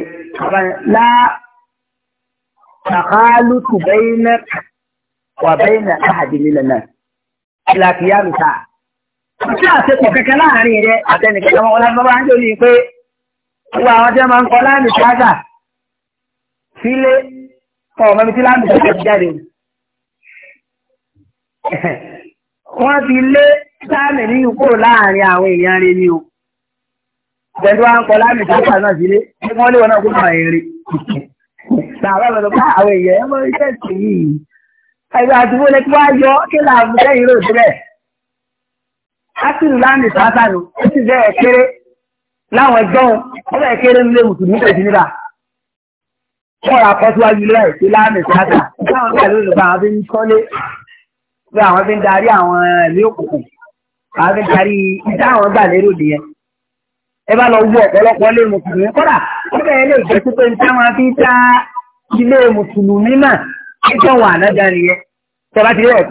lá tàkálùtù bẹ́ẹ̀ náà wà bẹ́ẹ̀ náà ìlàkìyà mi Àti àṣepọ̀ kẹ̀kẹ́ láàrin rẹ̀ àtẹnìkẹ́ ọmọ wọn lábọ́ bá ń jòlì pé wà àwọn jẹ́ máa ń kọ láàmì ṣáàgà sílé ọmọ mi tí láàmì ṣáàgà ti jáde. Wọ́n ti lé sáàmì ní ikú láàrin àwọn èèyàn rẹ̀ ni o. Pẹ̀lú wa ń kọ láàmì ṣáàgà náà sílé tí wọ́n lé wọn náà kó máa èrè. Tààrà bẹ̀rẹ̀ bá àwọn èèyàn ẹ̀ mọ́ iṣẹ́ ìsìn yìí. Àìgbà àtúwọ́lẹ̀ tí wọ́n á yọ kí làbùkẹ́ ìrò sílẹ̀ ásìlù láàmì sáásá nù ó sì bẹ́ẹ̀ kéré láwọn ẹgbẹ́ wọn ó bẹ́ẹ̀ kéré nílé mùsùlùmí pẹ̀lú níbà. wọ́n rà pọ́ síwájú ilé ẹ̀ sí láàmì sáásá láwọn ìgbà lórí ìgbà àwọn fi ń kọ́lé pé àwọn fi ń darí àwọn ẹ̀mí òkùnkùn àwọn fi ń darí ìdá àwọn gbà lérò nìyẹn. ẹ bá lọ wú ọ̀pọ̀lọpọ̀ ilé mùsùlùmí kọ́dà ó bẹ́ẹ̀ lè jẹ́ pípé ní táwọn fi ń ta ilé mùsùlùmí náà ẹjọ́ wà náà dá nìyẹn. tẹ bá ti rí ẹ̀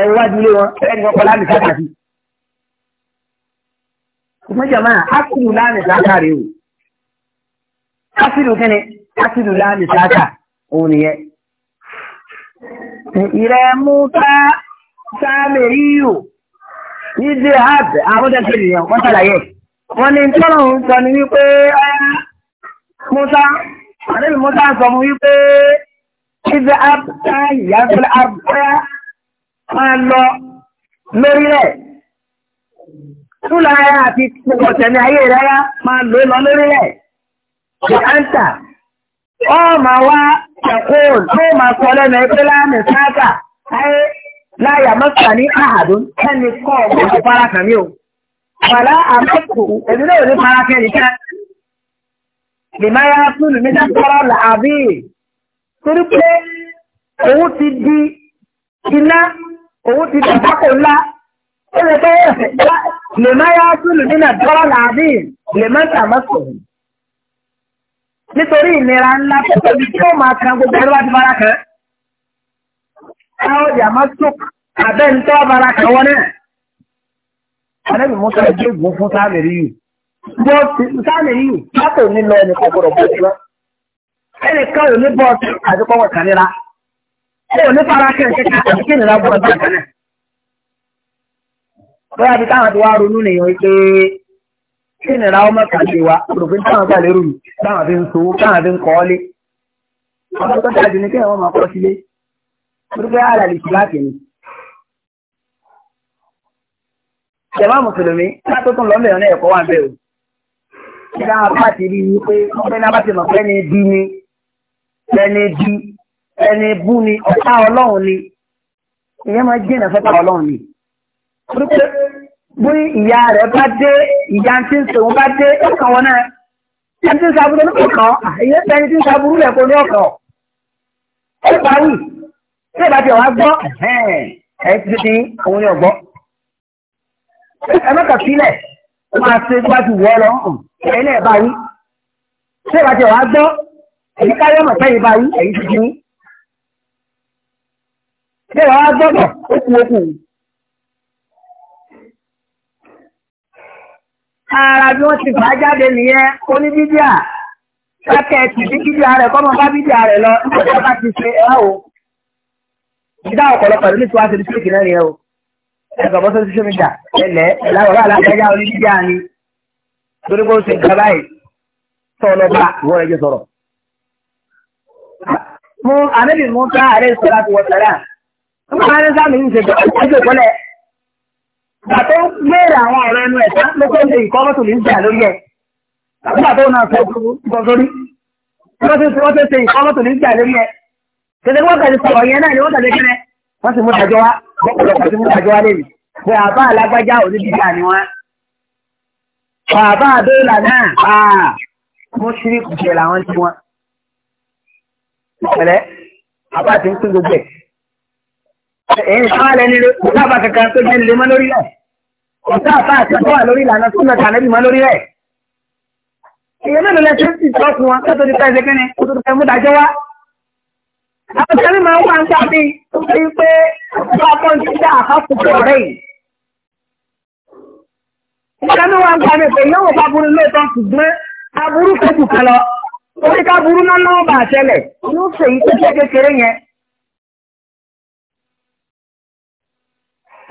ẹ̀ wájú ilé wọn ẹ̀ ẹ̀ ní wọn kọ́ láàmì sáásá sí i ṣùgbọ́n jàmá ákìlù láàmì sáàkà rèé o ákìlù kíni ákìlù láàmì sáàkà òun nìyẹn. ìrẹ́ mú tá sáàmì ríyò ní dehab àwọn ọ̀dọ́sẹ̀ nìyẹn wọ́n ṣàlàyé wọ́n ní tọ́lọ̀ ń sọ ni wípé Musa àdébí Musa sọ fún wípé ṣíṣe àbùkà ìyàgbẹ́ àbùkà máa lọ lórílẹ̀. Túlọ ara àti gbogbo ọ̀tẹ̀mí ayé rẹ̀ rá máa lò lọ lórí rẹ̀. Ṣèkáńtà, ó máa wá ẹ̀kọ́ tó máa sọ lẹ́nu ẹgbẹ́ láàmì sáàkà ayé láyà mọ́sà ní àhàdún ẹni kọ́ ọ̀gbọ́n ti fara kàn mí o. Bàlá àmọ́kù èmi náà ní fara kẹ́ nìkan. Ìmáyá fún mi dákọ́rọ́ làbí. Torí pé òun ti di iná, òun ti dàgbàkọ̀ ńlá. Ó lè tó ẹ̀fẹ̀ lèmọ́ yá túlù nínà dọ́rọ̀ làbí lèmọ́ tàmọ́sọ̀. nítorí ìnira ńlá tó tóbi tí ó máa kan gbogbo ẹ̀rọ àti bára kan. káwọ́ yàmá tók abẹ́ ń tọ́ bára kan wọ́n náà. àdébì mú sáré gbé ìgbó fún sáàmì rí yù. bó sáàmì rí yù látò ní lọ ẹnì kan gbọdọ̀ bó ti lọ. ẹnì kan ò ní bọ́ọ̀sì àti pọ́wọ́ kan níra. ó ní fara kẹ́kẹ́ kí ìnira gbọdọ̀ bá kan náà bóyá bí táwọn ti wá ronú nìyẹn pé kí nìra ọmọ kàdé wa òròfin táwọn gbà lérò táwọn fi ń sowó táwọn fi ń kọ́ lé ọmọ tó dájú ni kéèyàn wọn máa kọ́ sílé pé àlàlì sí láti ní. jàmá mùsùlùmí ká tó tún lọ́mọ ìrìn ẹ̀kọ́ wà ń bẹ̀rù kí náà bá ti rí i pé ọpẹ́ náà bá ti mọ̀ pé ẹni bí ni ẹni bí ẹni bú ni ọ̀tá ọlọ́run ni ìyẹn máa jìnnà fẹ́ta ọlọ́run ni pé bí ìyá rẹ̀ bá dé ìyá tí ń sòun bá dé ọkàn wọn náà ẹni tí ń saburú ní ọkàn ẹyẹ ẹni tí ń saburú rẹ̀ kò ní ọkàn ẹ bá wì tí ìbá tí ọ̀wá gbọ́ ẹ ti di àwọn ní ọ̀gbọ́ ẹ mẹ́ta sílẹ̀ máa ṣe bá ti wọ́ lọ ẹ̀yìn náà bá wí tí ìbá tí ọ̀wá gbọ́ èyí kárí ọmọ sẹ́yìn bá wí èyí ti di tí ìbá wá gbọ́dọ̀ ara bí wọ́n ti fà á jáde nìyẹn oníbídíà sákẹ́ẹ̀tì bí bídíà rẹ̀ kọ́mọ bá bídíà rẹ̀ lọ nígbà bá ti ṣe ẹ̀ o. ìdá ọ̀pọ̀lọpọ̀ ní tí wàá ṣe lùsíkì náà nìyẹn o. ẹ̀gbọ́n bọ́ sọ́sọ́ sọ́mídà ẹ̀lẹ́ ìlàwọ̀ alágbájá oníbídíà ni torí kó ṣe nǹkan báyìí tọ́lọ́ba ìwọ́n ẹ̀jẹ̀ sọ̀rọ̀. mo àmì Bàtọ́ léèrè àwọn ọ̀rọ̀ ẹnu ẹ̀ta ló pé ṣe ìkọ́mọ́tò ní ìjà lórí ẹ̀. Nígbà náà fẹ́ gbọ́ Wọ́n ti wọ́n ti ṣe ní ìjà lórí ẹ̀. Tẹ̀lé wọ́n kàdé sọ̀rọ̀ yẹn náà ni wọ́n kàdé kẹ́rẹ́. Wọ́n ti mú dájọ́ wá. Wọ́n ti mú dájọ́ wá lèmi. Pé àbá alágbájá òní bíjà ni wọ́n. Bàbá Adéla náà àà mú sírí làwọn ti wọn. Ìṣẹ̀lẹ̀ àbá ti ń pín gbogbo ẹ̀ ẹ̀yìn sáwálẹ̀ nílé ọ̀tá àbá kankan tó jẹ́ nílé mọ́ lórí rẹ̀ ọ̀tá àbá àtẹ̀kọ́ wà lórí ìlànà súnmọ̀ tànẹ́bì mọ́ lórí rẹ̀. èyí mélòó lẹ ti ń sì tọ́ fún wọn kótó ti fẹ́ ṣe kíni kótó ti fẹ́ mú dájọ́ wá. àwọn sẹ́mi máa ń wà ń sábì tó fi pé ọ̀tá pọ́ǹtì dá àfàkùkù ọ̀rẹ́ yìí. ìkànnì wa ń gba mi pé yóò bá burú lóòótọ́ ṣùgbọ́n aburú kẹ́kù kan lọ. orí ká burú náà náà bà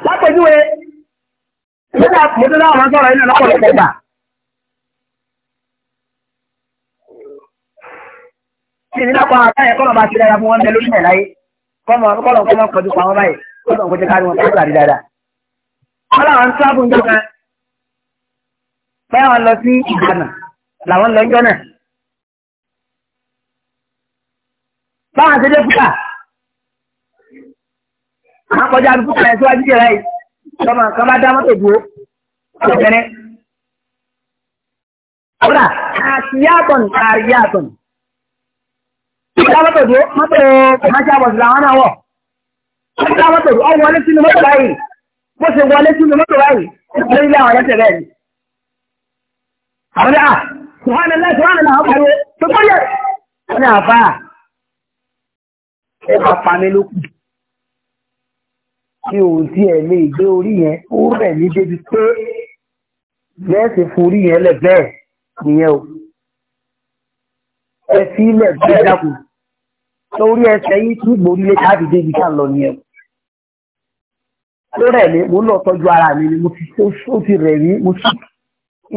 lápẹjúwe nígbà mọ́tò náà wọ́n sọ̀rọ̀ iná lọ́pọ̀lọpọ̀ gbà. kí ni lápá àtàyẹ kọ́nà bá ti dára fún wọn bẹ lórí láyé kọ́nà kọ́nà kọjú pa wọn báyìí kọ́nà kọjú kárí wọn kọ́nà àwọn kọjá àbí fúnra ẹ̀ síwájú jẹ̀rẹ̀ yìí tọ́mọ kan bá dá mọ́tò dúró ọ̀gbẹ́rẹ́. Àbúrà àṣìyàtọ̀ ní àríyàtọ̀ dúró mọ́tò kọ̀máṣá bọ̀sì làwọn náà wọ̀. Ìdá dúró ọ̀hún wọlé sínú mọ́tò báyìí. Bó ṣe wọlé sínú mọ́tò báyìí, àwọn bẹ́ẹ̀ ni. àwọn tí o ti ẹ̀ lè gbé orí yẹn ó rẹ̀ ní débi pé lẹ́ẹ̀sì fún orí yẹn lẹ̀ bẹ́ẹ̀ nìyẹn o ẹ fi ilẹ̀ bẹ́ẹ̀ dákun lórí ẹsẹ̀ yìí tí gbòórí lé káàdì débi ká lọ nìyẹn o ó rẹ̀ mí mo ń lọ tọ́jú ara mi ni mo ti ó ti rẹ̀ mí mo ti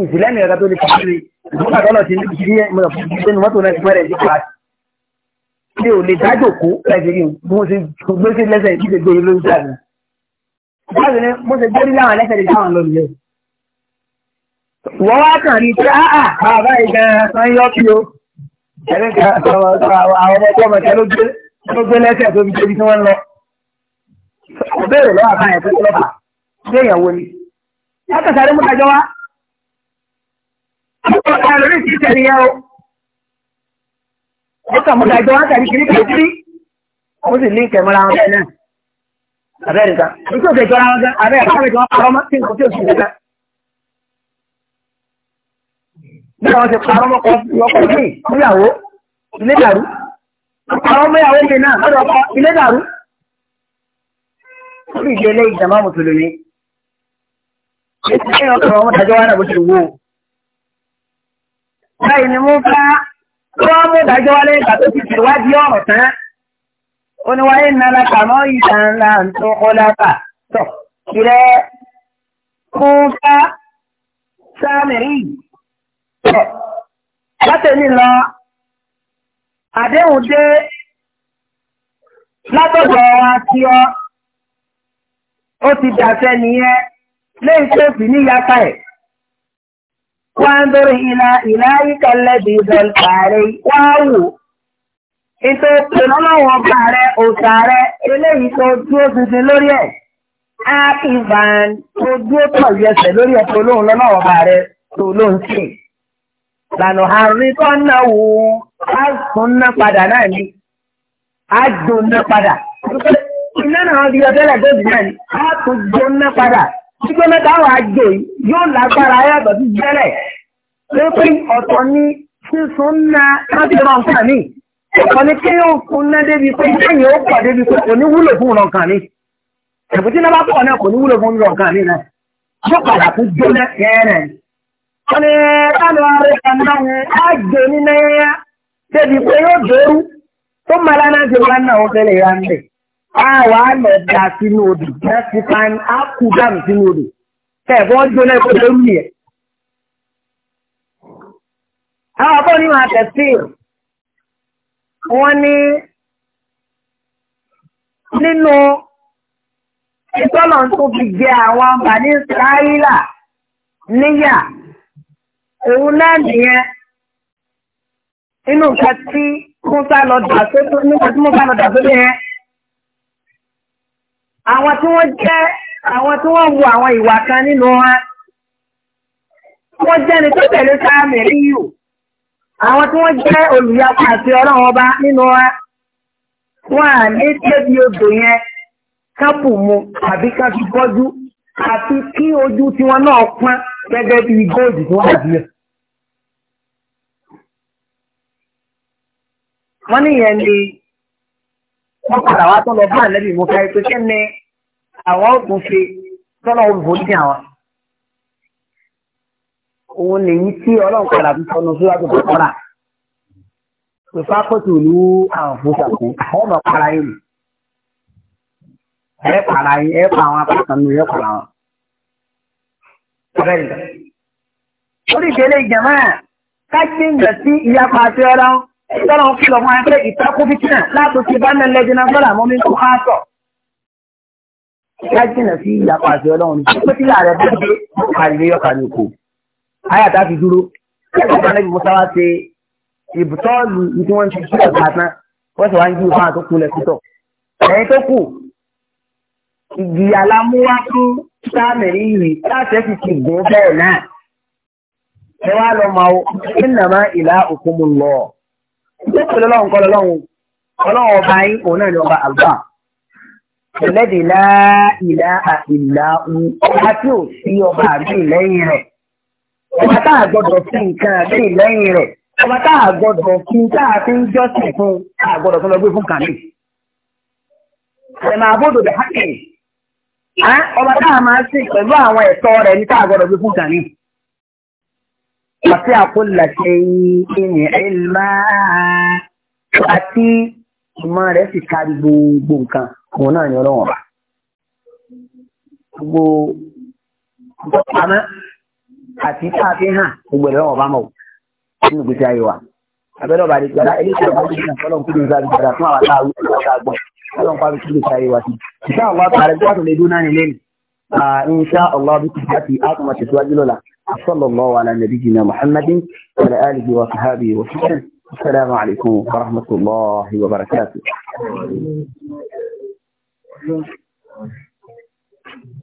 ìsìlẹ̀ mi tó lè kàwé ìgbọ́n àtọ́lọ̀ ti ní ìdílé mo lọ fún ìdílé mọ́tò náà ti pẹ́rẹ́ sí kíláàsì mi ò lè dájòkó ẹ̀sìn kí n mo ṣe gbé sí lẹ́sẹ̀ ìdílé gbé lórí sáà mi báyìí ni mo ṣe gbórí láwọn ẹlẹ́sẹ̀ lè dáwọn lọ nìyẹn. wọ́n wá kàn rí pé áà bàbá ìgbà kan yọ kí o ẹ̀rí kan àwọn ọmọ tó ọmọ tẹ ló gbé ló gbé lẹ́sẹ̀ tó fi débi tí wọ́n lọ. kò béèrè lọ́wọ́ àká yẹn pẹ́ẹ́ lọ́pàá ṣé èèyàn wo ni. látà sáré mú dájọ́ wá. àwọn ọ̀gá lórí ti tẹ̀lé yẹn o. wọ́n kà mú dájọ́ wá tàbí kiri kiri kiri. ó sì ní ìkẹ́mọ́ra wọn bẹ́ẹ̀ náà abẹ́rẹ́ nǹkan nítorí òṣèlú ìjọra wọn gan abẹ́rẹ́ káwé tí wọ́n parọ́ mọ́ sí nǹkan tí òṣèlú nǹkan. bí àwọn ti parọ́ mọ́ ọkọ̀ ní ìyàwó ilé dàrú parọ́ mọ́ ìyàwó ilé náà lọ́dọ̀ ọkọ̀ ilé dàrú. orí ìdí ilé ìjàmbá mùsùlùmí ètò ìyàn ọkọ̀ ọmọ ìdájọ́ wa náà bó ti wù ó. báyìí ni mo bá wọ́n mú ìdájọ́ wa lẹ́yìn ìgbà tó ti tẹ̀wádìí ọ̀rọ̀ tán oníwáyé nana kàmọ́ ìtànlá tó kọ́lápà tọ̀ ìrẹ́ kúńká sáàmìrì tọ̀ látẹ̀lé lọ àdéhùn dé látọ̀dọ̀ wa tí ọ ó ti dàṣẹ nìyẹn lẹ́yìn tó fi ní yàtọ̀ ẹ̀. wọ́n ń bẹ̀rẹ̀ ìlà ìlà ìkàlẹ̀ bí ìdọ̀lùkàrẹ̀ wá Ìtò ìpèlọ́lọ́wọ́ ọba rẹ, òṣà rẹ, eléyìí tó dúró tuntun lórí ẹ̀. Á ìbàn tó dúró tọ̀ yẹsẹ̀ lórí ẹ̀ tó lóhùn lọ́lọ́wọ́ ọba rẹ tó lóhùn sí. Lànà àárín tó ń náà wò ó, á sùn ná padà náà ni. Á dùn ná padà. Iná náà di ọtẹ́lẹ̀ tó dì náà ni. Á tún dùn ná padà. Ṣígbóná táwọn àjò yóò lágbára yàtọ̀ sí jẹ́lẹ̀. Pé pé ọ̀tọ̀ ni sísun ná láti nǹkan míì. Ẹ̀kọ́ ni kí yóò kún ná débi pé ẹ̀yìn ó pàdé bí pé kò ní wúlò fún ìrọ̀kàn ni. Ẹ̀bùn tí náà pọ̀ náà kò ní wúlò fún ìrọ̀kàn ni náà. Yóò padà kú jóná ẹ̀rẹ̀. Wọ́n ní láàrín ọ̀rẹ́ kan náà á jẹ ní náírà débi pé yóò dòrú. Tó máa lánàá ti wá náà ó fẹ́lẹ̀ ya ń A wà á lọ da sínú odò, jẹ́ sí pan, á kú dànù sínú odò. Ẹ̀fọ́ Àwọn akọ́ni máa tẹ̀ ìrù wọ́n ní nínú ìtọ́nà tó fi jẹ àwọn bàní Israẹ́là níyà òun náà nìyẹn nínú nǹkan tí mo bá lọ dà sódò nígbà tí mo bá lọ dà sódò yẹn àwọn tí wọ́n jẹ́ àwọn tí wọ́n wo àwọn ìwà kan nínú wọn wọ́n jẹ́ni tó tẹ̀lé sáà mẹ́rin yìí àwọn tí wọ́n jẹ́ olùyapa àti ọlọ́run ọba nínú wa wọ́n à ní tẹ́bi odò yẹn kápù mu àbí ká fi bọ́jú àti kí ojú tiwọn náà pọ́n gẹ́gẹ́ bí góòdù tó wà díẹ̀. wọ́n níyẹn ni wọ́n padà wá tó lọ bá àlẹ́bí mú káyé pé kí ni àwọn ò tún ṣe tọ́lọ́ òbí fòdí àwọn òun lèyí tí ọlọ́run padà fi sọnù sí wájú tó kọ́ra pèpà kóòtù ìlú àwọn fúnṣàkó àwọn ọmọ para yìí ẹ para yìí ẹ pa àwọn apákanú ẹ para wọn. orí ìdílé ìjàmá kájí ń gbà sí ìyapa àti ọ̀rọ̀ ìtọ́lọ̀ ń kìlọ̀ fún ẹgbẹ́ ìtakú fìtínà láti ti bá nílẹ̀ jẹ́ náà sọ́dà mọ́mí kó ká sọ. kájí ń gbà sí ìyapa àti ọ̀rọ̀ ìtọ́lọ̀ ń kìlọ̀ fún ẹgbẹ́ ìtakú àyà tá a fi dúró ẹgbẹ́ kan níbi musa wa ṣe ìbùtọ́ọ̀lù ní tí wọ́n ń ṣe sí ọ̀gá tán wọ́n sì wá ń jí ìfọ́n àti kulẹ̀ sítọ̀ ẹ̀yin tó kù ìjìyà la mú wá fún sáàmì rírì láti fi ti gùn bẹ́ẹ̀ náà ẹ wá lọ mọ o ìnàmá ìlà òkú mu lọ ṣé kò lọ́wọ́ nǹkan lọ́wọ́ ọlọ́wọ́ ọba yín òun náà ni ọba àgbà ẹlẹ́dìí lá ìlà àìlà ọba tí ò sí ọba àbí lẹ́yìn rẹ̀ ọba tá a gbọdọ̀ fi nǹkan àbí ìlẹ́yìn rẹ̀ ọba tá a gbọdọ̀ fi tá a fi ń jọ́sìn fún tá a gbọdọ̀ tó lọ gbé fún kàmí. àlẹ́ máa bọ́dọ̀ bẹ̀ hákẹ́ ọba tá a máa sìn pẹ̀lú àwọn ẹ̀tọ́ rẹ̀ ní tá a gbọdọ̀ gbé fún kàmí. àti àkólàṣe ìyìn ẹ̀lmá àti ìmọ̀ rẹ̀ sì kárí gbogbo nǹkan òun náà ni ọlọ́wọ̀n gbogbo àmọ́. àti káàfin hàn gbogbo ẹ̀rọ ọba mọ̀ nínú gbèsè ayé wa abẹ́rẹ́ ọba àdìgbàlá eléyìí ọba àdìgbàlá fọlọ́n kúrò ní àdìgbàlá fún àwọn àtàwọn àgbọ̀n fọlọ́n pàbí kúrò ní ayé wa sí ìṣá àwọn àtàrẹ tí wọ́n tún lè dún náà nílé ni insha allah bí kìí láti àtúmọ̀ tẹ̀síwájú lọ́la sallallahu ala nabiyyina muhammadin wa ala alihi wa sahbihi wa sallam assalamu alaikum wa rahmatullahi wa barakatuh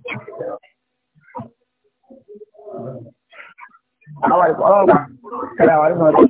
Thank you. Assalamu alaikum.